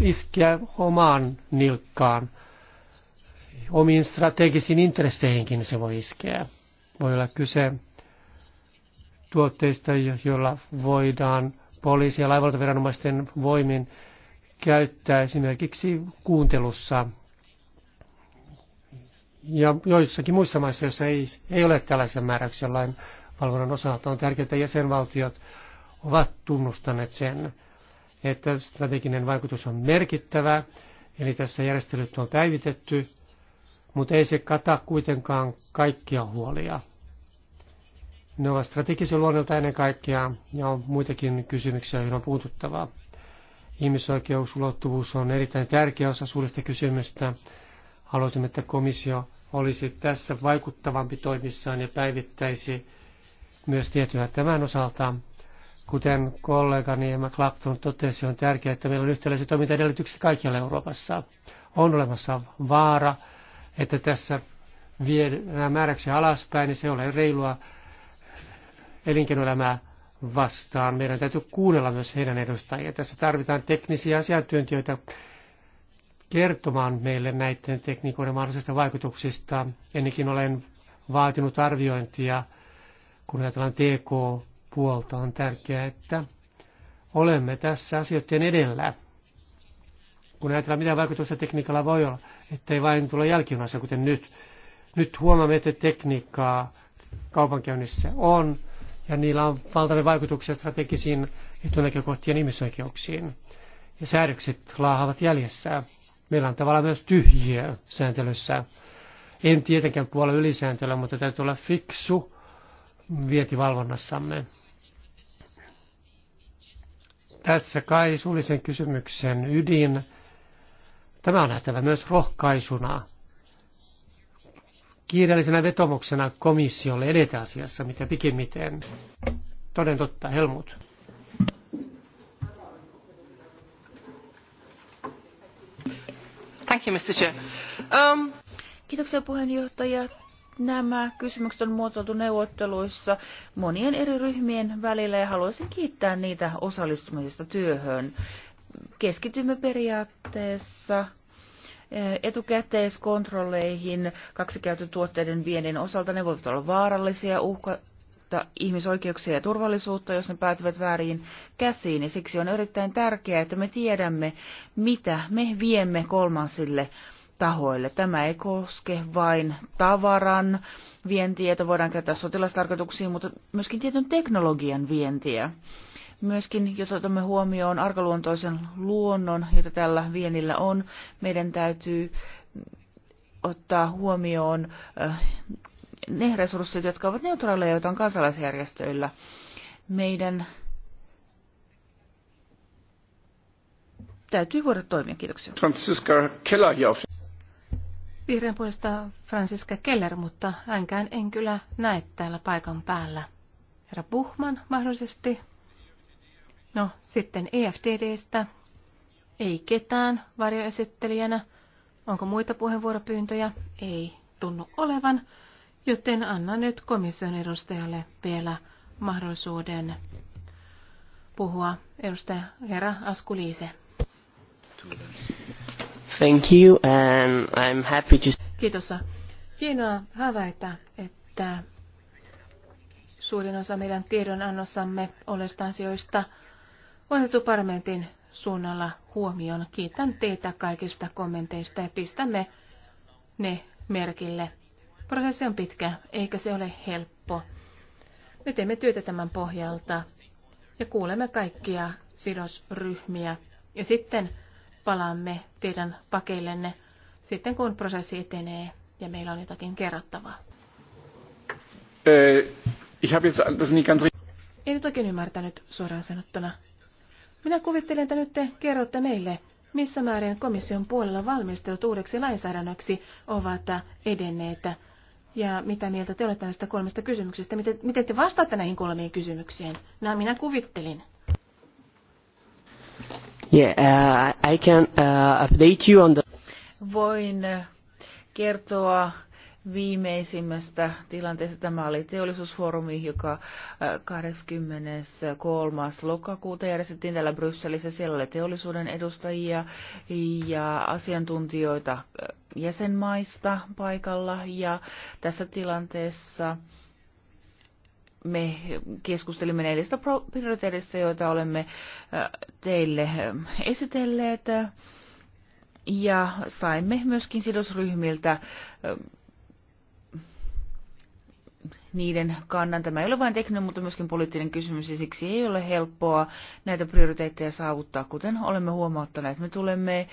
D: iskeä omaan nilkkaan. Omiin strategisiin intresseihinkin se voi iskeä. Voi olla kyse tuotteista, joilla voidaan poliisi- ja laivaltaviranomaisten voimin käyttää esimerkiksi kuuntelussa ja joissakin muissa maissa, joissa ei, ei ole tällaisia määräyksiä lain valvonnan osalta, on tärkeää, että jäsenvaltiot ovat tunnustaneet sen, että strateginen vaikutus on merkittävä, eli tässä järjestelyt on päivitetty, mutta ei se kata kuitenkaan kaikkia huolia. Ne ovat strategisen luonnolta ennen kaikkea, ja on muitakin kysymyksiä, joihin on puututtavaa. Ihmisoikeusulottuvuus on erittäin tärkeä osa suurista kysymystä. Haluaisimme, että komissio olisi tässä vaikuttavampi toimissaan ja päivittäisi myös tietyä tämän osalta. Kuten kollegani Emma Clapton totesi, on tärkeää, että meillä on yhtäläiset toimintaedellytykset kaikkialla Euroopassa. On olemassa vaara, että tässä viedään määräksi alaspäin, niin se ei ole reilua elinkeinoelämää vastaan. Meidän täytyy kuunnella myös heidän edustajia. Tässä tarvitaan teknisiä asiantuntijoita kertomaan meille näiden tekniikoiden mahdollisista vaikutuksista. Ennenkin olen vaatinut arviointia, kun ajatellaan TK-puolta. On tärkeää, että olemme tässä asioiden edellä. Kun ajatellaan, mitä vaikutusta tekniikalla voi olla, ettei vain tule jälkijunassa, kuten nyt. Nyt huomaamme, että tekniikkaa kaupankäynnissä on, ja niillä on valtavia vaikutuksia strategisiin etunäkökohtien ihmisoikeuksiin. Ja säädökset laahavat jäljessä. Meillä on tavallaan myös tyhjiä sääntelyssä. En tietenkään puolella ylisääntelyä, mutta täytyy olla fiksu vietivalvonnassamme. Tässä kai suullisen kysymyksen ydin. Tämä on nähtävä myös rohkaisuna kiireellisenä vetomuksena komissiolle edetä asiassa, mitä pikimmiten. Toden totta, Helmut.
C: Thank you, Mr. Chair. Um... Kiitoksia puheenjohtaja. Nämä kysymykset on muotoiltu neuvotteluissa monien eri ryhmien välillä ja haluaisin kiittää niitä osallistumisesta työhön. Keskitymme periaatteessa etukäteiskontrolleihin kaksikäyttötuotteiden viennin osalta. Ne voivat olla vaarallisia, uhka, ihmisoikeuksia ja turvallisuutta, jos ne päätyvät väärin käsiin. Ja siksi on erittäin tärkeää, että me tiedämme, mitä me viemme kolmansille tahoille. Tämä ei koske vain tavaran vientiä, jota voidaan käyttää sotilastarkoituksiin, mutta myöskin tietyn teknologian vientiä. Myöskin, jos otamme huomioon arkaluontoisen luonnon, jota tällä vienillä on, meidän täytyy ottaa huomioon äh, ne resurssit, jotka ovat neutraaleja, joita on kansalaisjärjestöillä. Meidän täytyy voida toimia. Kiitoksia.
A: Francisca Keller
C: Vihreän
B: puolesta Francisca Keller, mutta hänkään en kyllä näe täällä paikan päällä. Herra Buchman mahdollisesti. No sitten EFTDstä. Ei ketään varjoesittelijänä. Onko muita puheenvuoropyyntöjä? Ei tunnu olevan, joten annan nyt komission edustajalle vielä mahdollisuuden puhua. Edustaja Herra Askuliise.
C: Thank you and I'm happy to... Kiitos.
B: Hienoa havaita, että suurin osa meidän tiedonannossamme olesta asioista – Valitettu parlamentin suunnalla huomioon. Kiitän teitä kaikista kommenteista ja pistämme ne merkille. Prosessi on pitkä, eikä se ole helppo. Me teemme työtä tämän pohjalta ja kuulemme kaikkia sidosryhmiä. Ja sitten palaamme teidän pakeillenne sitten, kun prosessi etenee ja meillä on jotakin kerrottavaa.
A: Ei eh,
B: En nyt oikein ymmärtänyt suoraan sanottuna. Minä kuvittelen, että nyt te kerrotte meille, missä määrin komission puolella valmistelut uudeksi lainsäädännöksi ovat edenneet ja mitä mieltä te olette näistä kolmesta kysymyksestä? Miten, miten te vastaatte näihin kolmeen
C: kysymykseen? Nämä minä kuvittelin.
D: Yeah, uh, I can uh, update you on the...
C: Voin uh, kertoa viimeisimmästä tilanteesta. Tämä oli teollisuusfoorumi, joka 23. Äh, lokakuuta järjestettiin täällä Brysselissä. Siellä oli teollisuuden edustajia ja asiantuntijoita äh, jäsenmaista paikalla. Ja tässä tilanteessa me keskustelimme neljästä prioriteetista, joita olemme äh, teille esitelleet. Ja saimme myöskin sidosryhmiltä niiden kannan. Tämä ei ole vain tekninen, mutta myöskin poliittinen kysymys ja siksi ei ole helppoa näitä prioriteetteja saavuttaa, kuten olemme huomauttaneet. Me tulemme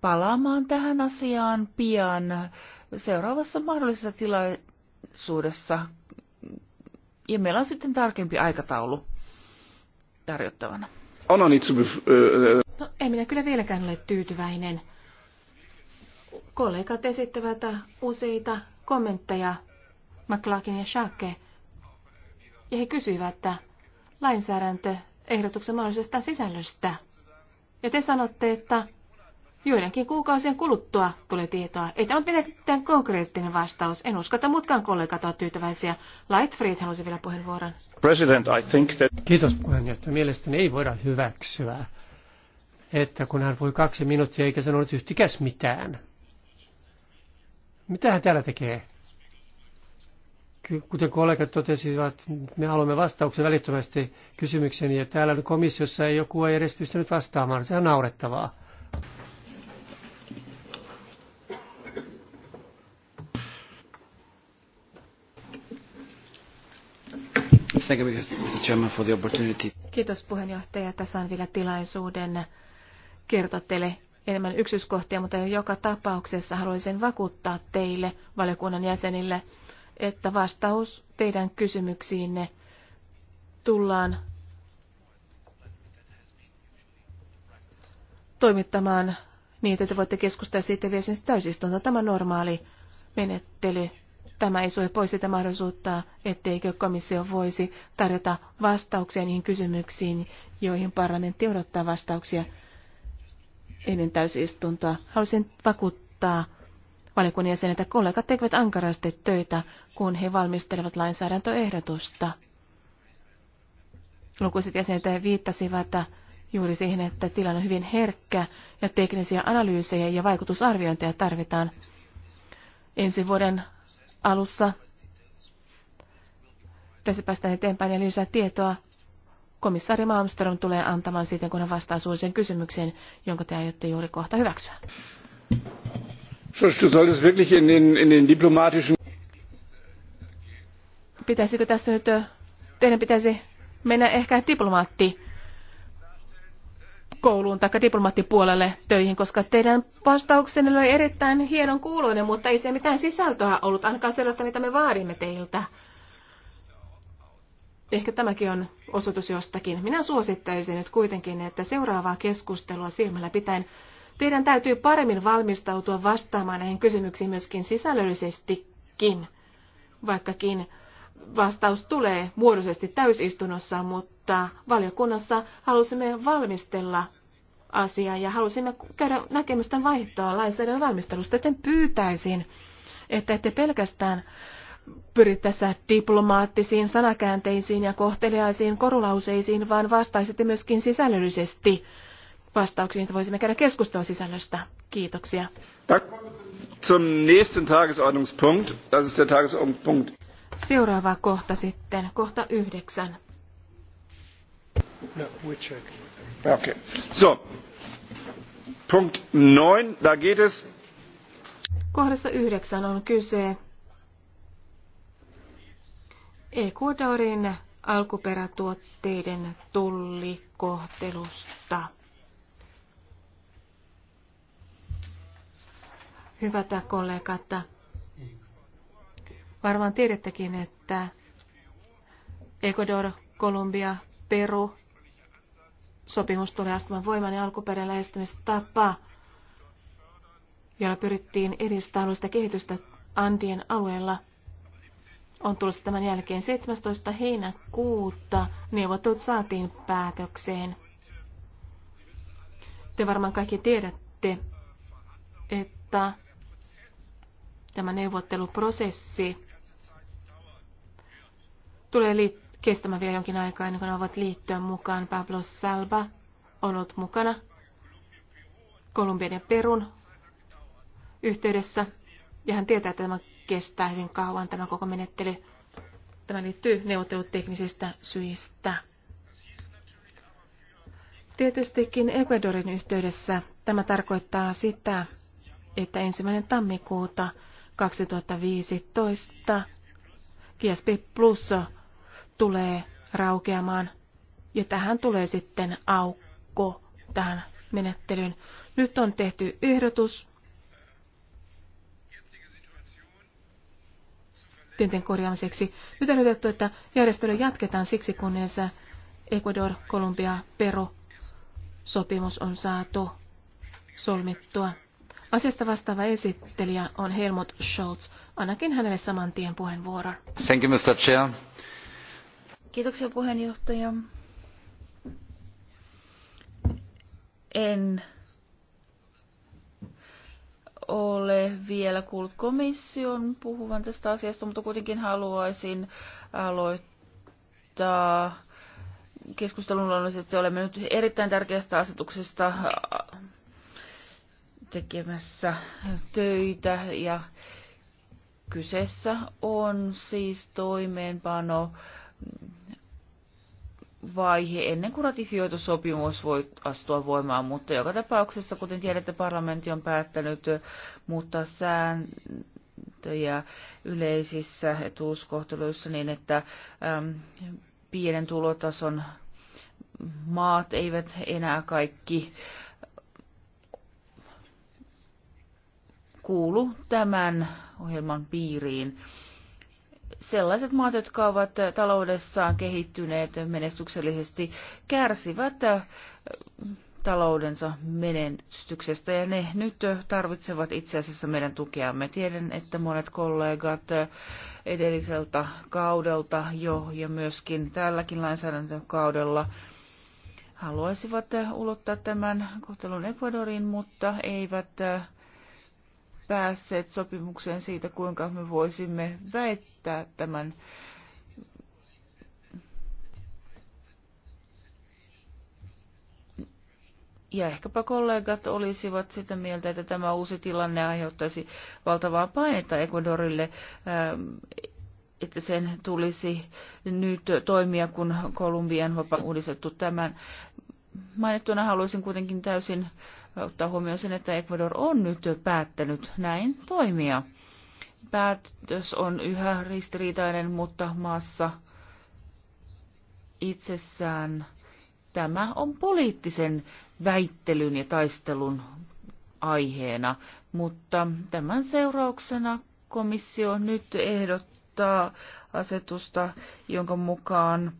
C: palaamaan tähän asiaan pian seuraavassa mahdollisessa tilaisuudessa. Ja meillä on sitten tarkempi aikataulu tarjottavana.
A: Oh, no, ei uh, uh,
B: no, minä kyllä vieläkään ole tyytyväinen. Kollegat esittävät useita kommentteja McLaughlin ja Schake. Ja he kysyivät että ehdotuksen mahdollisesta sisällöstä. Ja te sanotte, että joidenkin kuukausien kuluttua tulee tietoa. Ei tämä ole konkreettinen vastaus. En usko, että muutkaan kollegat ovat tyytyväisiä. Lightfried halusi vielä puheenvuoron.
D: President, I think that... Kiitos puheenjohtaja. Mielestäni ei voida hyväksyä, että kun hän voi kaksi minuuttia eikä sanonut yhtikäs mitään. Mitä hän täällä tekee? kuten kollegat totesivat, me haluamme vastauksen välittömästi kysymykseen, ja täällä komissiossa ei joku ei edes pystynyt vastaamaan. Se on naurettavaa.
A: Thank you, Mr.
D: Chairman, for the opportunity.
B: Kiitos puheenjohtaja. Tässä on vielä tilaisuuden kertoa teille enemmän yksityiskohtia, mutta joka tapauksessa haluaisin vakuuttaa teille valiokunnan jäsenille, että vastaus teidän kysymyksiinne tullaan toimittamaan niin, että te voitte keskustella siitä vielä sen täysistunto. Tämä normaali menettely. Tämä ei sulle pois sitä mahdollisuutta, etteikö komissio voisi tarjota vastauksia niihin kysymyksiin, joihin parlamentti odottaa vastauksia ennen täysistuntoa. Haluaisin vakuuttaa valiokunnan jäsenet ja kollegat tekevät ankarasti töitä, kun he valmistelevat lainsäädäntöehdotusta. Lukuiset jäsenet viittasivat juuri siihen, että tilanne on hyvin herkkä ja teknisiä analyysejä ja vaikutusarviointeja tarvitaan. Ensi vuoden alussa tässä päästään eteenpäin ja lisää tietoa komissaari Malmström tulee antamaan sitten, kun hän vastaa suosien kysymykseen, jonka te aiotte juuri kohta hyväksyä. Pitäisikö tässä nyt, teidän pitäisi mennä ehkä diplomaatti kouluun tai diplomaattipuolelle töihin, koska teidän vastauksenne oli erittäin hienon kuuloinen, mutta ei se mitään sisältöä ollut, ainakaan sellaista, mitä me vaadimme teiltä. Ehkä tämäkin on osoitus jostakin. Minä suosittelisin nyt kuitenkin, että seuraavaa keskustelua silmällä pitäen Teidän täytyy paremmin valmistautua vastaamaan näihin kysymyksiin myöskin sisällöllisestikin, vaikkakin vastaus tulee muodollisesti täysistunnossa, mutta valiokunnassa halusimme valmistella asiaa ja halusimme käydä näkemysten vaihtoa lainsäädännön valmistelusta, joten pyytäisin, että ette pelkästään pyri tässä diplomaattisiin sanakäänteisiin ja kohteliaisiin korulauseisiin, vaan vastaisitte myöskin sisällöllisesti vastauksiin, että voisimme käydä keskustelua sisällöstä. Kiitoksia.
A: Zum nächsten Tagesordnungspunkt. Das ist der Tagesordnungspunkt.
B: Seuraava kohta sitten, kohta yhdeksän.
D: No, we're checking.
A: Okay. So, Punkt 9, da geht es.
B: Kohdassa yhdeksän on kyse Ecuadorin alkuperätuotteiden tullikohtelusta. Hyvät kollegat, varmaan tiedättekin, että Ecuador, Kolumbia, Peru sopimus tulee astumaan voimaan ja alkuperäinen lähestymistapa, jolla pyrittiin edistää alueellista kehitystä Andien alueella, on tullut tämän jälkeen 17. heinäkuuta. Neuvottelut saatiin päätökseen. Te varmaan kaikki tiedätte, että Tämä neuvotteluprosessi tulee liit- kestämään vielä jonkin aikaa ennen kuin ne ovat liittyä mukaan. Pablo Salba on ollut mukana Kolumbian ja Perun yhteydessä. Ja hän tietää, että tämä kestää hyvin kauan tämä koko menettely. Tämä liittyy neuvotteluteknisistä syistä. Tietystikin Ecuadorin yhteydessä tämä tarkoittaa sitä, että ensimmäinen tammikuuta 2015 GSP Plus tulee raukeamaan ja tähän tulee sitten aukko tähän menettelyyn. Nyt on tehty ehdotus. tienten korjaamiseksi. Nyt on otettu, että järjestelyä jatketaan siksi, kunnes Ecuador, Kolumbia, Peru sopimus on saatu solmittua. Asiasta vastaava esittelijä on Helmut Scholz. Annakin hänelle saman tien puheenvuoron.
A: Thank you, Mr. Chair.
C: Kiitoksia
B: puheenjohtaja.
C: En ole vielä kuullut komission puhuvan tästä asiasta, mutta kuitenkin haluaisin aloittaa keskustelun luonnollisesti. Olemme nyt erittäin tärkeästä asetuksesta tekemässä töitä ja kyseessä on siis toimeenpano vaihe ennen kuin ratifioitu sopimus voi astua voimaan, mutta joka tapauksessa, kuten tiedätte, parlamentti on päättänyt muuttaa sääntöjä yleisissä etuuskohteluissa niin, että äm, pienen tulotason maat eivät enää kaikki äh, kuulu tämän ohjelman piiriin. Sellaiset maat, jotka ovat taloudessaan kehittyneet menestyksellisesti, kärsivät äh, taloudensa menestyksestä ja ne nyt tarvitsevat itse asiassa meidän tukeamme. Tiedän, että monet kollegat äh, edelliseltä kaudelta jo ja myöskin tälläkin lainsäädäntökaudella haluaisivat äh, ulottaa tämän kohtelun Ecuadoriin, mutta eivät päässeet sopimukseen siitä, kuinka me voisimme väittää tämän ja ehkäpä kollegat olisivat sitä mieltä, että tämä uusi tilanne aiheuttaisi valtavaa painetta Ecuadorille, ähm, että sen tulisi nyt toimia, kun Kolumbian vapaa on uudistettu tämän mainittuna haluaisin kuitenkin täysin ottaa huomioon sen, että Ecuador on nyt päättänyt näin toimia. Päätös on yhä ristiriitainen, mutta maassa itsessään tämä on poliittisen väittelyn ja taistelun aiheena, mutta tämän seurauksena komissio nyt ehdottaa asetusta, jonka mukaan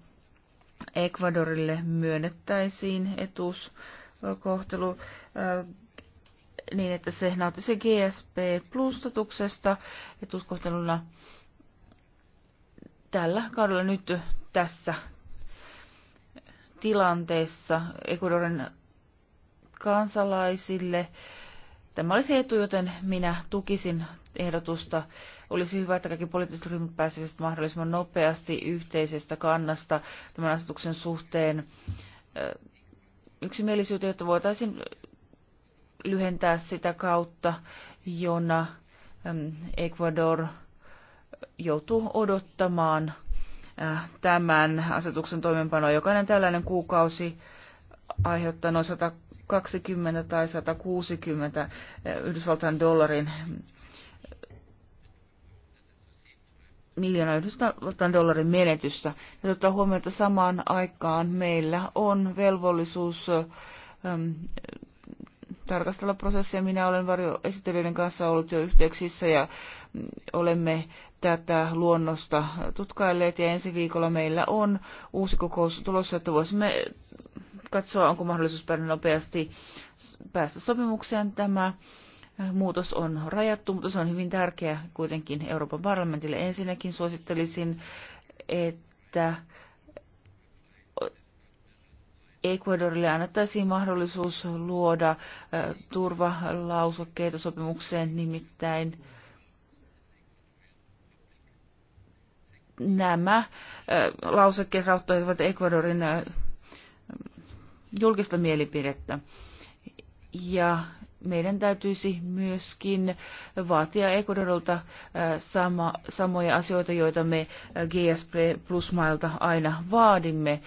C: Ecuadorille myönnettäisiin etuuskohtelu äh, niin, että se nauttisi GSP plus-statuksesta tällä kaudella nyt tässä tilanteessa Ecuadorin kansalaisille Tämä olisi etu, joten minä tukisin ehdotusta. Olisi hyvä, että kaikki poliittiset ryhmät pääsisivät mahdollisimman nopeasti yhteisestä kannasta tämän asetuksen suhteen yksimielisyyteen, jotta voitaisiin lyhentää sitä kautta, jona Ecuador joutuu odottamaan tämän asetuksen toimeenpanoa. Jokainen tällainen kuukausi aiheuttaa noin 120 tai 160 eh, Yhdysvaltain dollarin eh, miljoonaa Yhdysvaltain dollarin menetystä. Ja ottaa huomioon, että samaan aikaan meillä on velvollisuus äm, eh, tarkastella prosessia. Minä olen varjoesittelyiden kanssa ollut jo yhteyksissä ja mm, olemme tätä luonnosta tutkailleet ja ensi viikolla meillä on uusi kokous tulossa, että voisimme katsoa, onko mahdollisuus päästä nopeasti päästä sopimukseen. Tämä eh, muutos on rajattu, mutta se on hyvin tärkeä kuitenkin Euroopan parlamentille. Ensinnäkin suosittelisin, että Ecuadorille annettaisiin mahdollisuus luoda eh, turvalausokkeita sopimukseen, nimittäin nämä eh, lausekkeet rauhoittaisivat Ecuadorin julkista mielipidettä. Ja meidän täytyisi myöskin vaatia Ecuadorilta sama, samoja asioita, joita me GSP Plus-mailta aina vaadimme.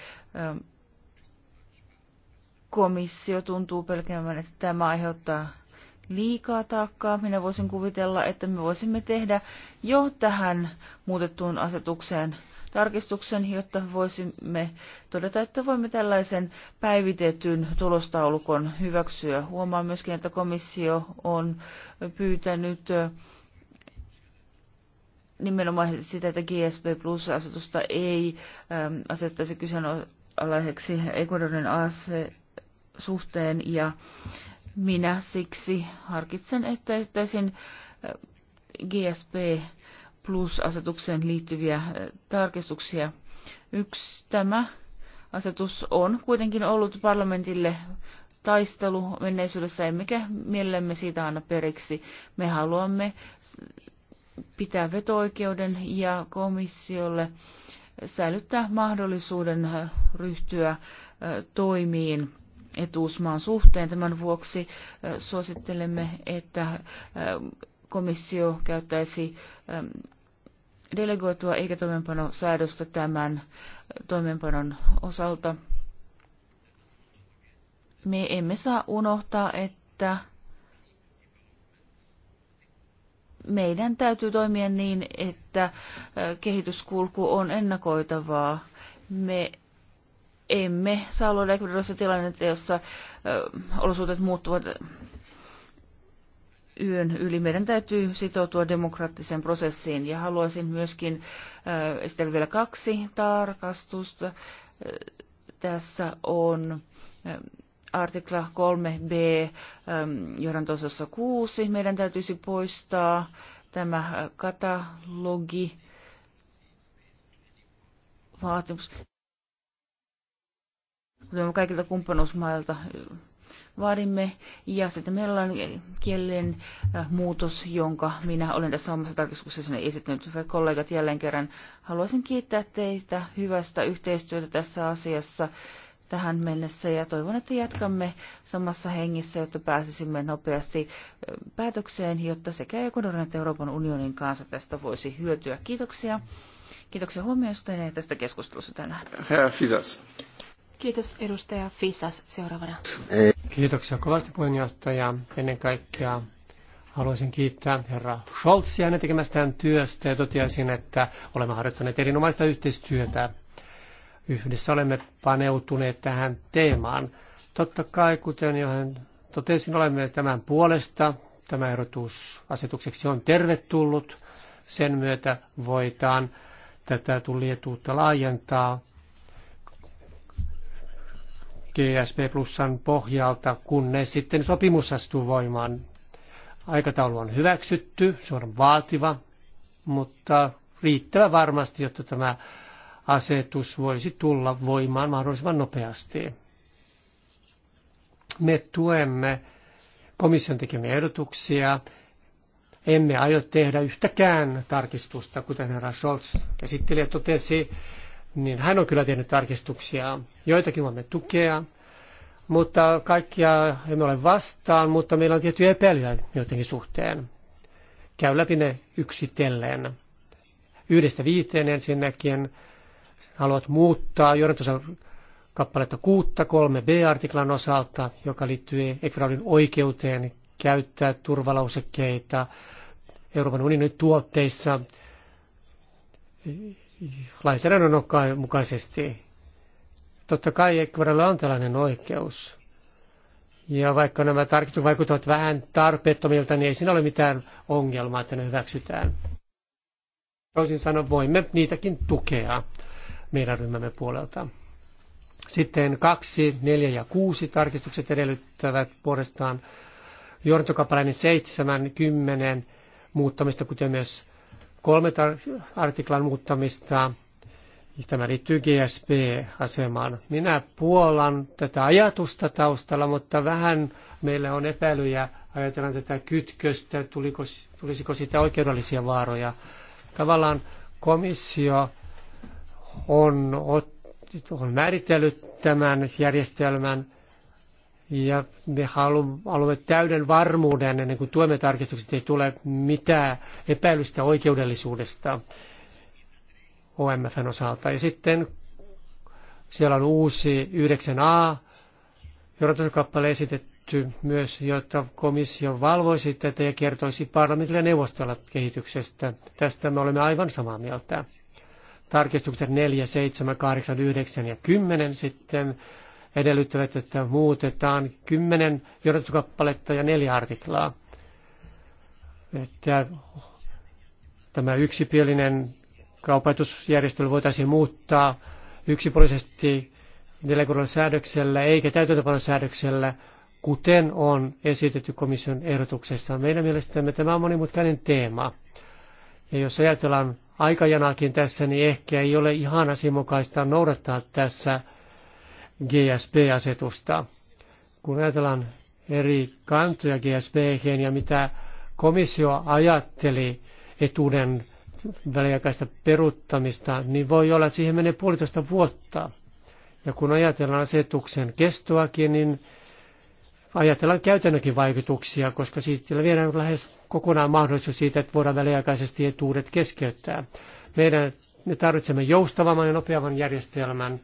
C: Komissio tuntuu pelkäämään, että tämä aiheuttaa liikaa taakkaa. Minä voisin kuvitella, että me voisimme tehdä jo tähän muutettuun asetukseen tarkistuksen, jotta voisimme todeta, että voimme tällaisen päivitetyn tulostaulukon hyväksyä. Huomaan myöskin, että komissio on pyytänyt nimenomaan sitä, että GSP Plus-asetusta ei asettaisi kyseenalaiseksi Ecuadorin ac suhteen ja minä siksi harkitsen, että esittäisin GSP Plus-asetukseen liittyviä eh, tarkistuksia. Yksi tämä asetus on kuitenkin ollut parlamentille taistelu menneisyydessä, emmekä mielemme siitä anna periksi. Me haluamme pitää vetooikeuden ja komissiolle säilyttää mahdollisuuden eh, ryhtyä eh, toimiin etuusmaan suhteen. Tämän vuoksi suosittelemme, että komissio käyttäisi delegoitua eikä toimeenpanosäädöstä tämän toimeenpanon osalta. Me emme saa unohtaa, että meidän täytyy toimia niin, että äh, kehityskulku on ennakoitavaa. Me emme saa luoda Ecuadorissa tilannetta, jossa äh, olosuhteet muuttuvat yön yli. Meidän täytyy sitoutua demokraattiseen prosessiin ja haluaisin myöskin äh, esitellä vielä kaksi tarkastusta. Äh, tässä on äh, artikla 3b ähm, johdantosossa 6. Meidän täytyisi poistaa tämä katalogi vaatimus. Tämä kaikilta kumppanuusmailta vaadimme. Ja sitten meillä on kielen äh, muutos, jonka minä olen tässä omassa tarkistuksessa esittänyt. Hyvät kollegat, jälleen kerran haluaisin kiittää teitä hyvästä yhteistyötä tässä asiassa tähän mennessä ja toivon, että jatkamme samassa hengissä, jotta pääsisimme nopeasti äh, päätökseen, jotta sekä Ecuadorin että Euroopan unionin kanssa tästä voisi hyötyä. Kiitoksia. Kiitoksia huomioista ja tästä keskustelusta tänään. Herra Kiitos
B: edustaja Fisas seuraavana.
D: Kiitoksia kovasti puheenjohtaja. Ennen kaikkea haluaisin kiittää herra Scholzia hänen tekemästään työstä ja totiaisin, että olemme harjoittaneet erinomaista yhteistyötä. Yhdessä olemme paneutuneet tähän teemaan. Totta kai, kuten jo hän totesin, olemme tämän puolesta. Tämä ehdotus asetukseksi on tervetullut. Sen myötä voitaan tätä tullietuutta laajentaa GSP Plusan pohjalta, kunnes sitten sopimus astuu voimaan. Aikataulu on hyväksytty, se on vaativa, mutta riittävä varmasti, jotta tämä asetus voisi tulla voimaan mahdollisimman nopeasti. Me tuemme komission tekemiä ehdotuksia. Emme aio tehdä yhtäkään tarkistusta, kuten herra Scholz käsittelijä totesi niin hän on kyllä tehnyt tarkistuksia. Joitakin voimme tukea, mutta kaikkia emme ole vastaan, mutta meillä on tiettyjä epäilyjä jotenkin suhteen. Käy läpi ne yksitellen. Yhdestä viiteen ensinnäkin haluat muuttaa johdantonsa kappaletta 6.3 B-artiklan osalta, joka liittyy Ekraudin oikeuteen käyttää turvalausekkeita Euroopan unionin tuotteissa lainsäädännön mukaisesti. Totta kai Ekvaralla on tällainen oikeus. Ja vaikka nämä tarkistukset vaikuttavat vähän tarpeettomilta, niin ei siinä ole mitään ongelmaa, että ne hyväksytään. Toisin sanoen voimme niitäkin tukea meidän ryhmämme puolelta. Sitten kaksi, neljä ja kuusi tarkistukset edellyttävät puolestaan johdantokapalainen seitsemän kymmenen muuttamista, kuten myös kolme artiklan muuttamista. Tämä liittyy GSP-asemaan. Minä puolan tätä ajatusta taustalla, mutta vähän meillä on epäilyjä. Ajatellaan tätä kytköstä, tuliko, tulisiko siitä oikeudellisia vaaroja. Tavallaan komissio on, on määritellyt tämän järjestelmän ja me haluamme täyden varmuuden ennen kuin tuemme tarkistukset, ei tule mitään epäilystä oikeudellisuudesta OMFn osalta. Ja sitten siellä on uusi 9a johdatuskappale esitetty myös, jotta komissio valvoisi tätä ja kertoisi parlamentille ja neuvostolla kehityksestä. Tästä me olemme aivan samaa mieltä. Tarkistukset 4, 7, 8, 9 ja 10 sitten edellyttävät, että muutetaan kymmenen johdatuskappaletta ja neljä artiklaa. Että tämä yksipielinen kaupatusjärjestely voitaisiin muuttaa yksipuolisesti delegoidulla säädöksellä eikä täytäntöpanon säädöksellä, kuten on esitetty komission ehdotuksessa. Meidän mielestämme tämä on monimutkainen teema. Ja jos ajatellaan aikajanakin tässä, niin ehkä ei ole ihan asianmukaista noudattaa tässä GSP-asetusta. Kun ajatellaan eri kantoja gsp ja mitä komissio ajatteli etuuden väliaikaista peruttamista, niin voi olla, että siihen menee puolitoista vuotta. Ja kun ajatellaan asetuksen kestoakin, niin ajatellaan käytännönkin vaikutuksia, koska siitä viedään lähes kokonaan mahdollisuus siitä, että voidaan väliaikaisesti etuudet keskeyttää. Meidän, me tarvitsemme joustavamman ja nopeamman järjestelmän,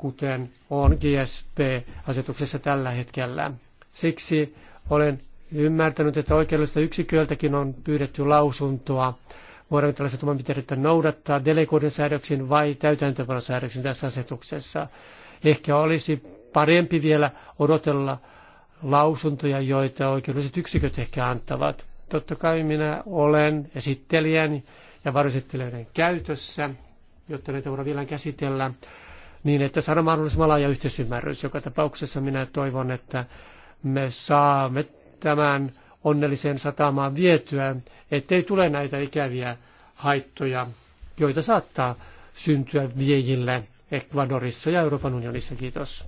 D: kuten on GSP-asetuksessa tällä hetkellä. Siksi olen ymmärtänyt, että oikeudellista yksiköiltäkin on pyydetty lausuntoa. Voidaanko tällaista toimenpiteitä noudattaa delegoiden säädöksiin vai täytäntöpanon säädöksiin tässä asetuksessa? Ehkä olisi parempi vielä odotella lausuntoja, joita oikeudelliset yksiköt ehkä antavat. Totta kai minä olen esittelijän ja varjoesittelijöiden käytössä, jotta näitä voidaan vielä käsitellä niin, että saadaan mahdollisimman laaja yhteisymmärrys. Joka tapauksessa minä toivon, että me saamme tämän onnelliseen satamaan vietyä, ettei tule näitä ikäviä haittoja, joita saattaa syntyä viejille Ecuadorissa ja Euroopan unionissa. Kiitos.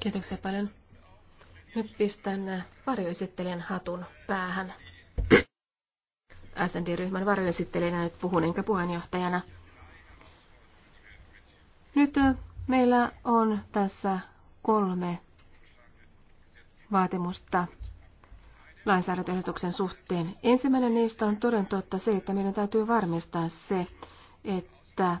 B: Kiitoksia paljon. Nyt pistän varjoesittelijän hatun päähän. SND-ryhmän varjoesittelijänä nyt puhun, enkä puheenjohtajana. Nyt meillä on tässä kolme vaatimusta lainsäädäntöehdotuksen suhteen. Ensimmäinen niistä on toden totta se, että meidän täytyy varmistaa se, että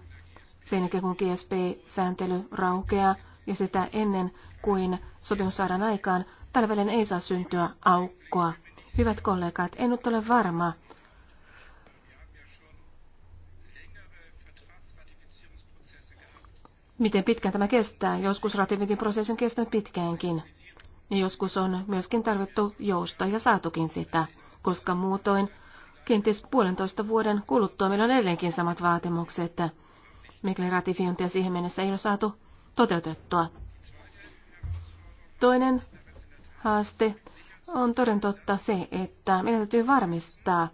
B: sen jälkeen kun GSP-sääntely raukeaa ja sitä ennen kuin sopimus saadaan aikaan, tällä ei saa syntyä aukkoa. Hyvät kollegat, en nyt ole varma, miten pitkään tämä kestää. Joskus ratifiointiprosessi on kestänyt pitkäänkin. Ja joskus on myöskin tarvittu jousta ja saatukin sitä, koska muutoin kenties puolentoista vuoden kuluttua meillä on edelleenkin samat vaatimukset, mikäli ratifiointia siihen mennessä ei ole saatu toteutettua. Toinen haaste on toden totta se, että meidän täytyy varmistaa,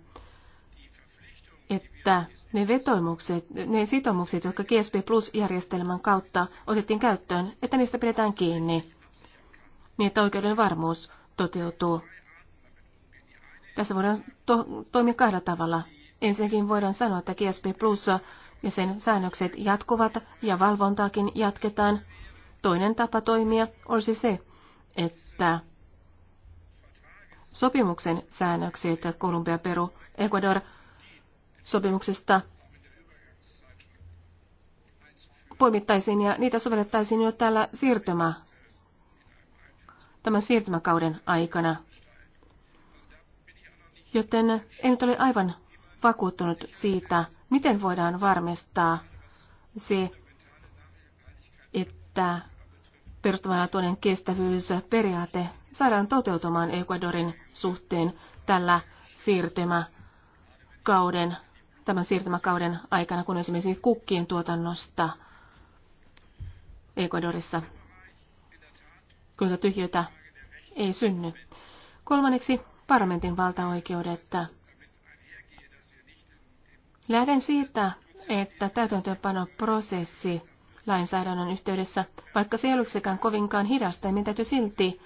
B: että ne vetoimukset, ne sitomukset, jotka GSP Plus-järjestelmän kautta otettiin käyttöön, että niistä pidetään kiinni, niin että oikeuden varmuus toteutuu. Tässä voidaan to- toimia kahdella tavalla. Ensinnäkin voidaan sanoa, että GSP Plus ja sen säännökset jatkuvat ja valvontaakin jatketaan. Toinen tapa toimia olisi se, että sopimuksen säännökset Kolumbia, Peru, Ecuador – sopimuksesta poimittaisiin ja niitä sovellettaisiin jo täällä siirtymä, tämän siirtymäkauden aikana. Joten en nyt ole aivan vakuuttunut siitä, miten voidaan varmistaa se, että perustavanlaatuinen kestävyysperiaate saadaan toteutumaan Ecuadorin suhteen tällä siirtymäkauden tämän siirtymäkauden aikana, kun esimerkiksi kukkien tuotannosta Ecuadorissa kyllä tyhjötä ei synny. Kolmanneksi parlamentin valtaoikeudet. Lähden siitä, että täytäntöönpanoprosessi lainsäädännön yhteydessä, vaikka se ei olisikaan kovinkaan hidasta, niin täytyy silti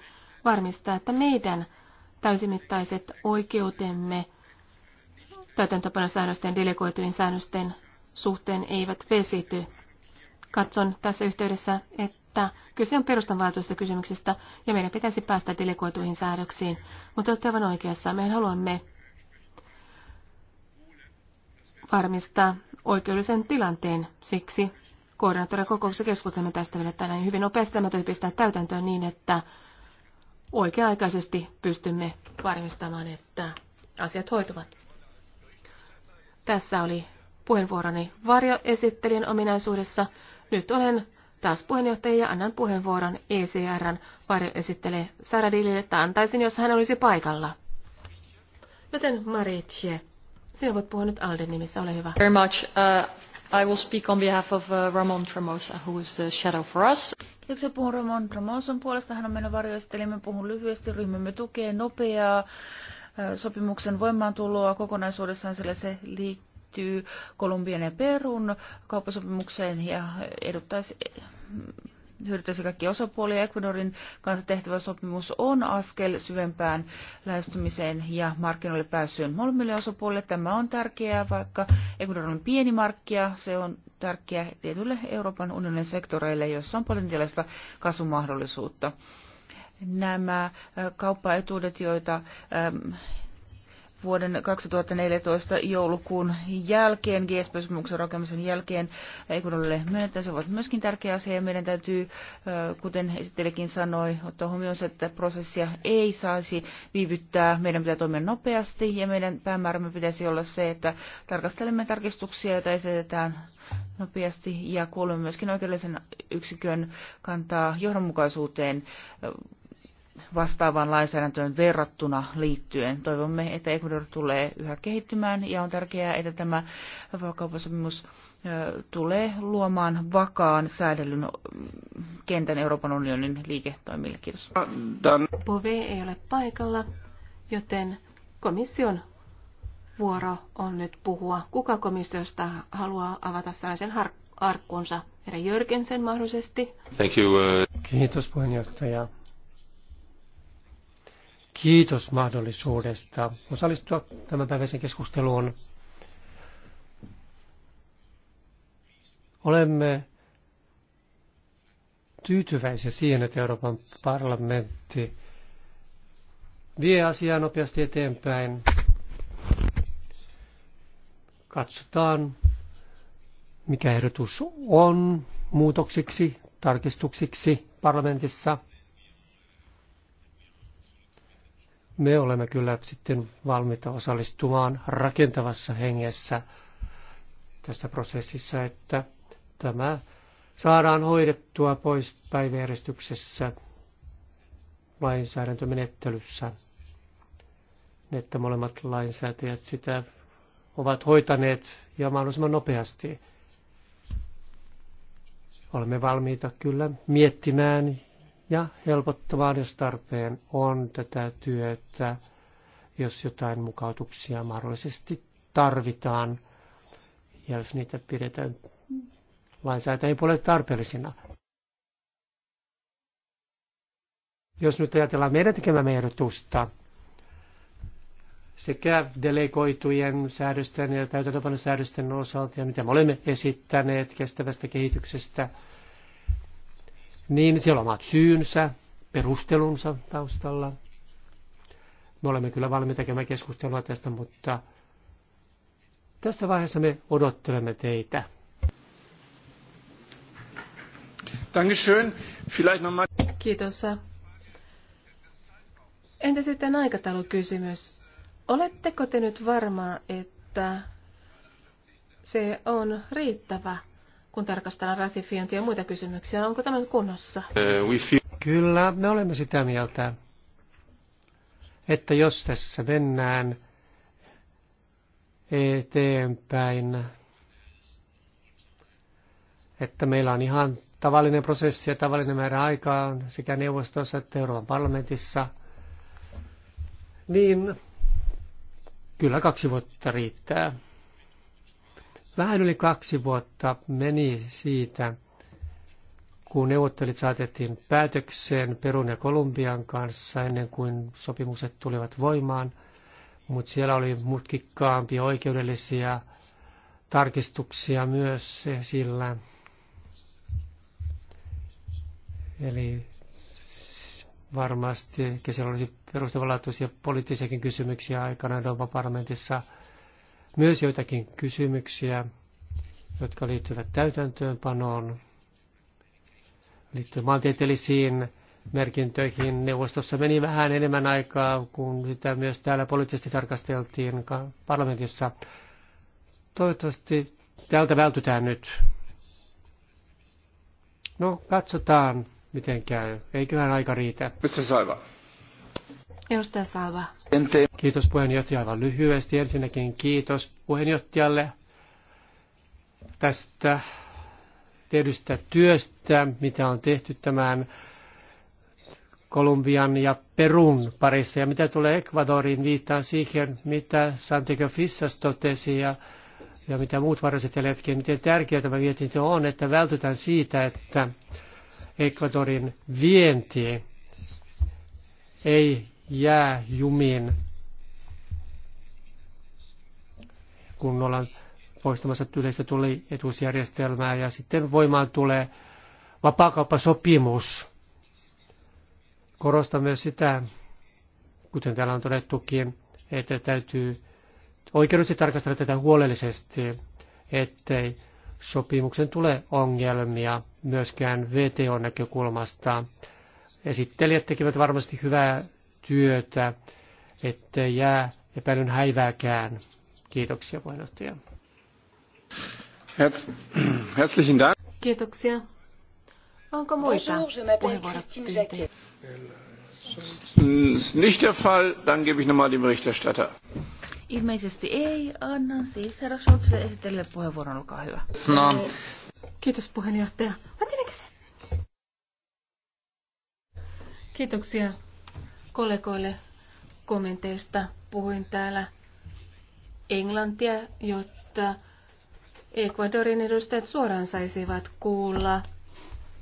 B: varmistaa, että meidän täysimittaiset oikeutemme täytäntöpanosäännösten delegoitujen säännösten suhteen eivät vesity. Katson tässä yhteydessä, että kyse on perustanvaltuista kysymyksistä ja meidän pitäisi päästä delegoituihin säädöksiin, mutta olette aivan oikeassa. Me haluamme varmistaa oikeudellisen tilanteen. Siksi koordinaattorikokouksessa keskustelemme tästä vielä tänään hyvin nopeasti. Tämä pistää täytäntöön niin, että oikea-aikaisesti pystymme varmistamaan, että asiat hoituvat. Tässä oli puheenvuoroni varjoesittelin ominaisuudessa. Nyt olen taas puheenjohtaja ja annan puheenvuoron ECRn Sara Dillille, että antaisin, jos hän olisi paikalla. Joten Maritje, sinä voit puhua nyt Alden nimissä, ole hyvä. Very much.
C: Uh, I will speak on behalf of uh, Ramon Tremosa, who is the shadow for us. Kiitoksia puhun Ramon Tremoson puolesta. Hän on meidän Me Puhun lyhyesti. Ryhmämme tukee nopeaa sopimuksen voimaantuloa kokonaisuudessaan, sillä se liittyy Kolumbian ja Perun kauppasopimukseen ja eduttaisi hyödyttäisi kaikkia osapuolia. Ecuadorin kanssa tehtävä sopimus on askel syvempään lähestymiseen ja markkinoille pääsyyn molemmille osapuolille. Tämä on tärkeää, vaikka Ecuador on pieni markkia, se on tärkeä tietyille Euroopan unionin sektoreille, joissa on potentiaalista kasvumahdollisuutta nämä äh, kauppaetuudet, joita ähm, vuoden 2014 joulukuun jälkeen, GSP-sopimuksen rakemisen jälkeen Ecuadorille myönnetään. Se ovat myöskin tärkeä asia ja meidän täytyy, äh, kuten esittelikin sanoi, ottaa huomioon, että prosessia ei saisi viivyttää. Meidän pitää toimia nopeasti ja meidän päämäärämme pitäisi olla se, että tarkastelemme tarkistuksia, joita esitetään nopeasti ja kuulemme myöskin oikeudellisen yksikön kantaa johdonmukaisuuteen äh, vastaavaan lainsäädäntöön verrattuna liittyen. Toivomme, että Ecuador tulee yhä kehittymään ja on tärkeää, että tämä vapaakauppasopimus tulee luomaan vakaan säädellyn kentän Euroopan unionin liiketoimille. Kiitos. Pove ei ole paikalla,
B: joten komission vuoro on nyt puhua. Kuka komissiosta haluaa avata sellaisen har- arkkunsa? Herra Jörgensen mahdollisesti.
A: Thank you. Uh,
D: Kiitos puheenjohtaja. Kiitos mahdollisuudesta osallistua tämän päiväisen keskusteluun. Olemme tyytyväisiä siihen, että Euroopan parlamentti vie asiaa nopeasti eteenpäin. Katsotaan, mikä ehdotus on muutoksiksi, tarkistuksiksi parlamentissa – me olemme kyllä sitten valmiita osallistumaan rakentavassa hengessä tässä prosessissa, että tämä saadaan hoidettua pois päiväjärjestyksessä lainsäädäntömenettelyssä, niin, että molemmat lainsäätäjät sitä ovat hoitaneet ja mahdollisimman nopeasti. Olemme valmiita kyllä miettimään ja helpottamaan, jos tarpeen on tätä työtä, jos jotain mukautuksia mahdollisesti tarvitaan ja jos niitä pidetään lainsäätäjien puolelle tarpeellisina. Jos nyt ajatellaan meidän tekemämme ehdotusta, sekä delegoitujen säädösten ja täytäntöpanosäädösten osalta, ja mitä me olemme esittäneet kestävästä kehityksestä, niin siellä on omat syynsä, perustelunsa taustalla. Me olemme kyllä valmiita tekemään keskustelua tästä, mutta tässä vaiheessa me odottelemme teitä.
B: Kiitos. Entä sitten aikataulukysymys? Oletteko te nyt varma, että se on riittävä? kun tarkastellaan ratifiointia ja muita kysymyksiä. Onko tämä kunnossa?
D: Eh, kyllä, me olemme sitä mieltä, että jos tässä mennään eteenpäin, että meillä on ihan tavallinen prosessi ja tavallinen määrä aikaa sekä neuvostossa että Euroopan parlamentissa, niin kyllä kaksi vuotta riittää. Vähän yli kaksi vuotta meni siitä, kun neuvottelit saatettiin päätökseen Perun ja Kolumbian kanssa ennen kuin sopimukset tulivat voimaan, mutta siellä oli mutkikkaampia oikeudellisia tarkistuksia myös sillä. Eli varmasti, siellä olisi perustavanlaatuisia poliittisiakin kysymyksiä aikana Euroopan parlamentissa – myös joitakin kysymyksiä, jotka liittyvät täytäntöönpanoon, liittyvät maantieteellisiin merkintöihin. Neuvostossa meni vähän enemmän aikaa, kun sitä myös täällä poliittisesti tarkasteltiin parlamentissa. Toivottavasti tältä vältytään nyt. No, katsotaan, miten käy. Eiköhän aika riitä. Mr. Saiva.
B: Edustaja Salva.
D: Kiitos puheenjohtaja aivan lyhyesti. Ensinnäkin kiitos puheenjohtajalle tästä tehdystä työstä, mitä on tehty tämän Kolumbian ja Perun parissa. Ja mitä tulee Ecuadoriin, viittaan siihen, mitä Santiago Fissas totesi ja, ja mitä muut varoisetelijatkin. miten tärkeää tämä mietintö on, että vältytään siitä, että Ecuadorin vienti ei jää jumiin, kun ollaan poistamassa yleistä tuli etuusjärjestelmää ja sitten voimaan tulee vapaakauppasopimus. Korostan myös sitä, kuten täällä on todettukin, että täytyy oikeudellisesti tarkastella tätä huolellisesti, ettei sopimuksen tule ongelmia myöskään VTO-näkökulmasta. Esittelijät tekevät varmasti hyvää työtä, ettei jää epäilyn häivääkään. Kiitoksia puheenjohtaja.
A: Herzlichen Dank.
B: Kiitoksia. Onko muita
C: puheenvuoropyyntöjä?
A: Nicht der Fall, dann gebe ich nochmal dem Berichterstatter.
C: Ilmeisesti ei. Annan siis herra Schultzille esitelle puheenvuoron. Olkaa hyvä. No. Kiitos
B: puheenjohtaja. Kiitoksia kollegoille kommenteista. Puhuin täällä englantia, jotta Ecuadorin edustajat suoraan saisivat kuulla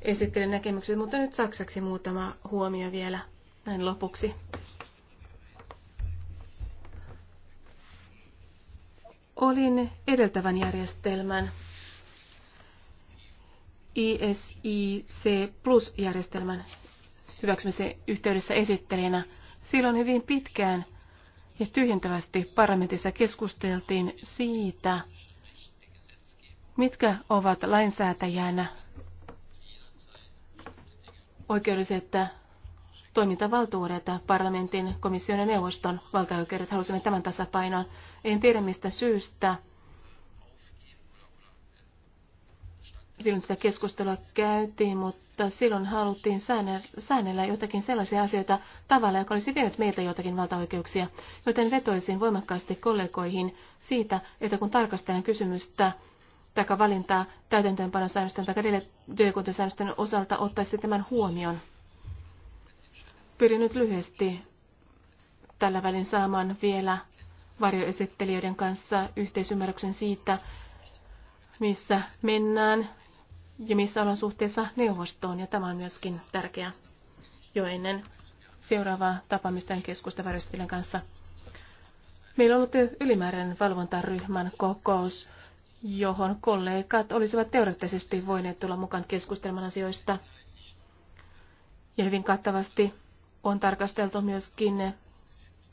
B: esittelen näkemykset, mutta nyt saksaksi muutama huomio vielä näin lopuksi. Olin edeltävän järjestelmän ISIC Plus-järjestelmän hyväksymisen yhteydessä esittelijänä. Silloin hyvin pitkään ja tyhjentävästi parlamentissa keskusteltiin siitä, mitkä ovat lainsäätäjänä oikeudelliset toimintavaltuudet parlamentin, komission ja neuvoston valtaoikeudet. Halusimme tämän tasapainon. En tiedä mistä syystä silloin tätä keskustelua käytiin, mutta silloin haluttiin säännellä jotakin sellaisia asioita tavalla, joka olisi vienyt meiltä jotakin valtaoikeuksia. Joten vetoisin voimakkaasti kollegoihin siitä, että kun tarkastellaan kysymystä tai valintaa säännösten tai delegointisäännösten osalta, ottaisi tämän huomioon. Pyrin nyt lyhyesti tällä välin saamaan vielä varjoesittelijöiden kanssa yhteisymmärryksen siitä, missä mennään ja missä ollaan suhteessa neuvostoon, ja tämä on myöskin tärkeää jo ennen seuraavaa tapaamista keskusta Väröstilän kanssa. Meillä on ollut ylimääräinen valvontaryhmän kokous, johon kollegat olisivat teoreettisesti voineet tulla mukaan keskustelman asioista. Ja hyvin kattavasti on tarkasteltu myöskin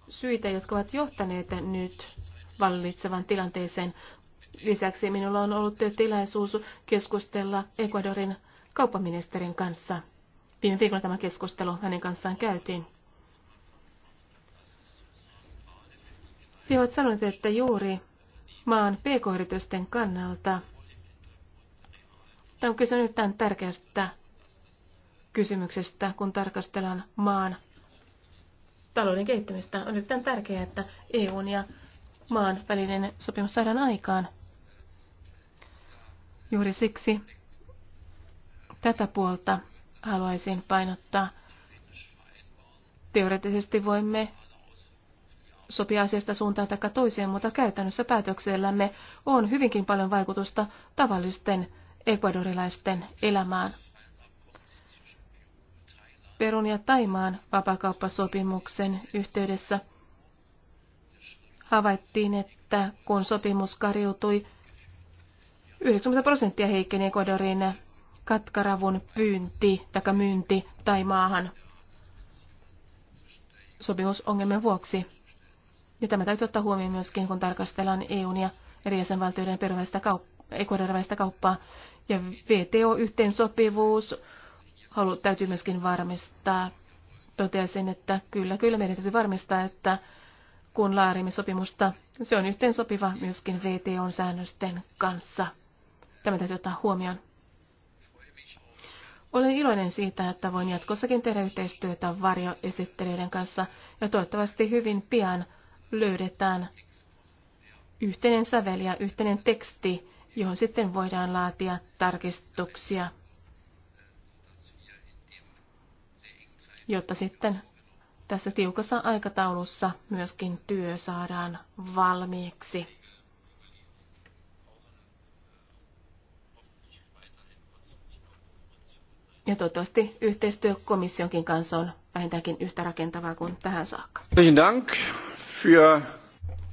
B: syitä, jotka ovat johtaneet nyt vallitsevan tilanteeseen. Lisäksi minulla on ollut tilaisuus keskustella Ecuadorin kauppaministerin kanssa. Viime viikolla tämä keskustelu hänen kanssaan käytiin. He ovat sanoneet, että juuri maan pk-yritysten kannalta tämä on kyse nyt tämän tärkeästä kysymyksestä, kun tarkastellaan maan talouden kehittämistä. On nyt tärkeää, että EUn ja maan välinen sopimus saadaan aikaan. Juuri siksi tätä puolta haluaisin painottaa. Teoreettisesti voimme sopia asiasta suuntaan tai toiseen, mutta käytännössä päätöksellämme on hyvinkin paljon vaikutusta tavallisten ekvadorilaisten elämään. Perun ja Taimaan vapakauppasopimuksen yhteydessä havaittiin, että kun sopimus kariutui, 90 prosenttia heikkeni Kodorin katkaravun pyynti tai myynti tai maahan sopimusongelmien vuoksi. Ja tämä täytyy ottaa huomioon myöskin, kun tarkastellaan EUn ja eri jäsenvaltioiden peruväistä kauppaa, kauppaa. Ja VTO-yhteensopivuus halu, täytyy myöskin varmistaa. Toteaisin, että kyllä, kyllä meidän täytyy varmistaa, että kun laadimme sopimusta, se on yhteensopiva myöskin vto säännösten kanssa. Tämä täytyy ottaa huomioon. Olen iloinen siitä, että voin jatkossakin tehdä yhteistyötä varjoesittelijöiden kanssa ja toivottavasti hyvin pian löydetään yhteinen sävel ja yhteinen teksti, johon sitten voidaan laatia tarkistuksia, jotta sitten tässä tiukassa aikataulussa myöskin työ saadaan valmiiksi. Ja toivottavasti yhteistyö komissionkin kanssa on vähintäänkin yhtä rakentavaa kuin tähän saakka.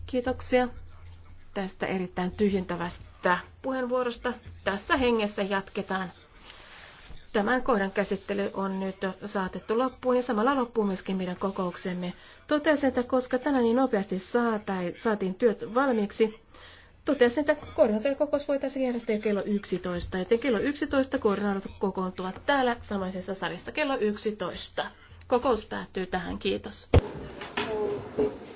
B: Kiitoksia tästä erittäin tyhjentävästä puheenvuorosta. Tässä hengessä jatketaan. Tämän kohdan käsittely on nyt saatettu loppuun ja samalla loppuun myöskin meidän kokouksemme. Totesin, että koska tänään niin nopeasti saatiin työt valmiiksi, totesin, että koordinaattorikokous voitaisiin järjestää kello 11, joten kello 11 koordinaatorit kokoontuvat täällä samaisessa salissa kello 11. Kokous päättyy tähän, kiitos.
A: So,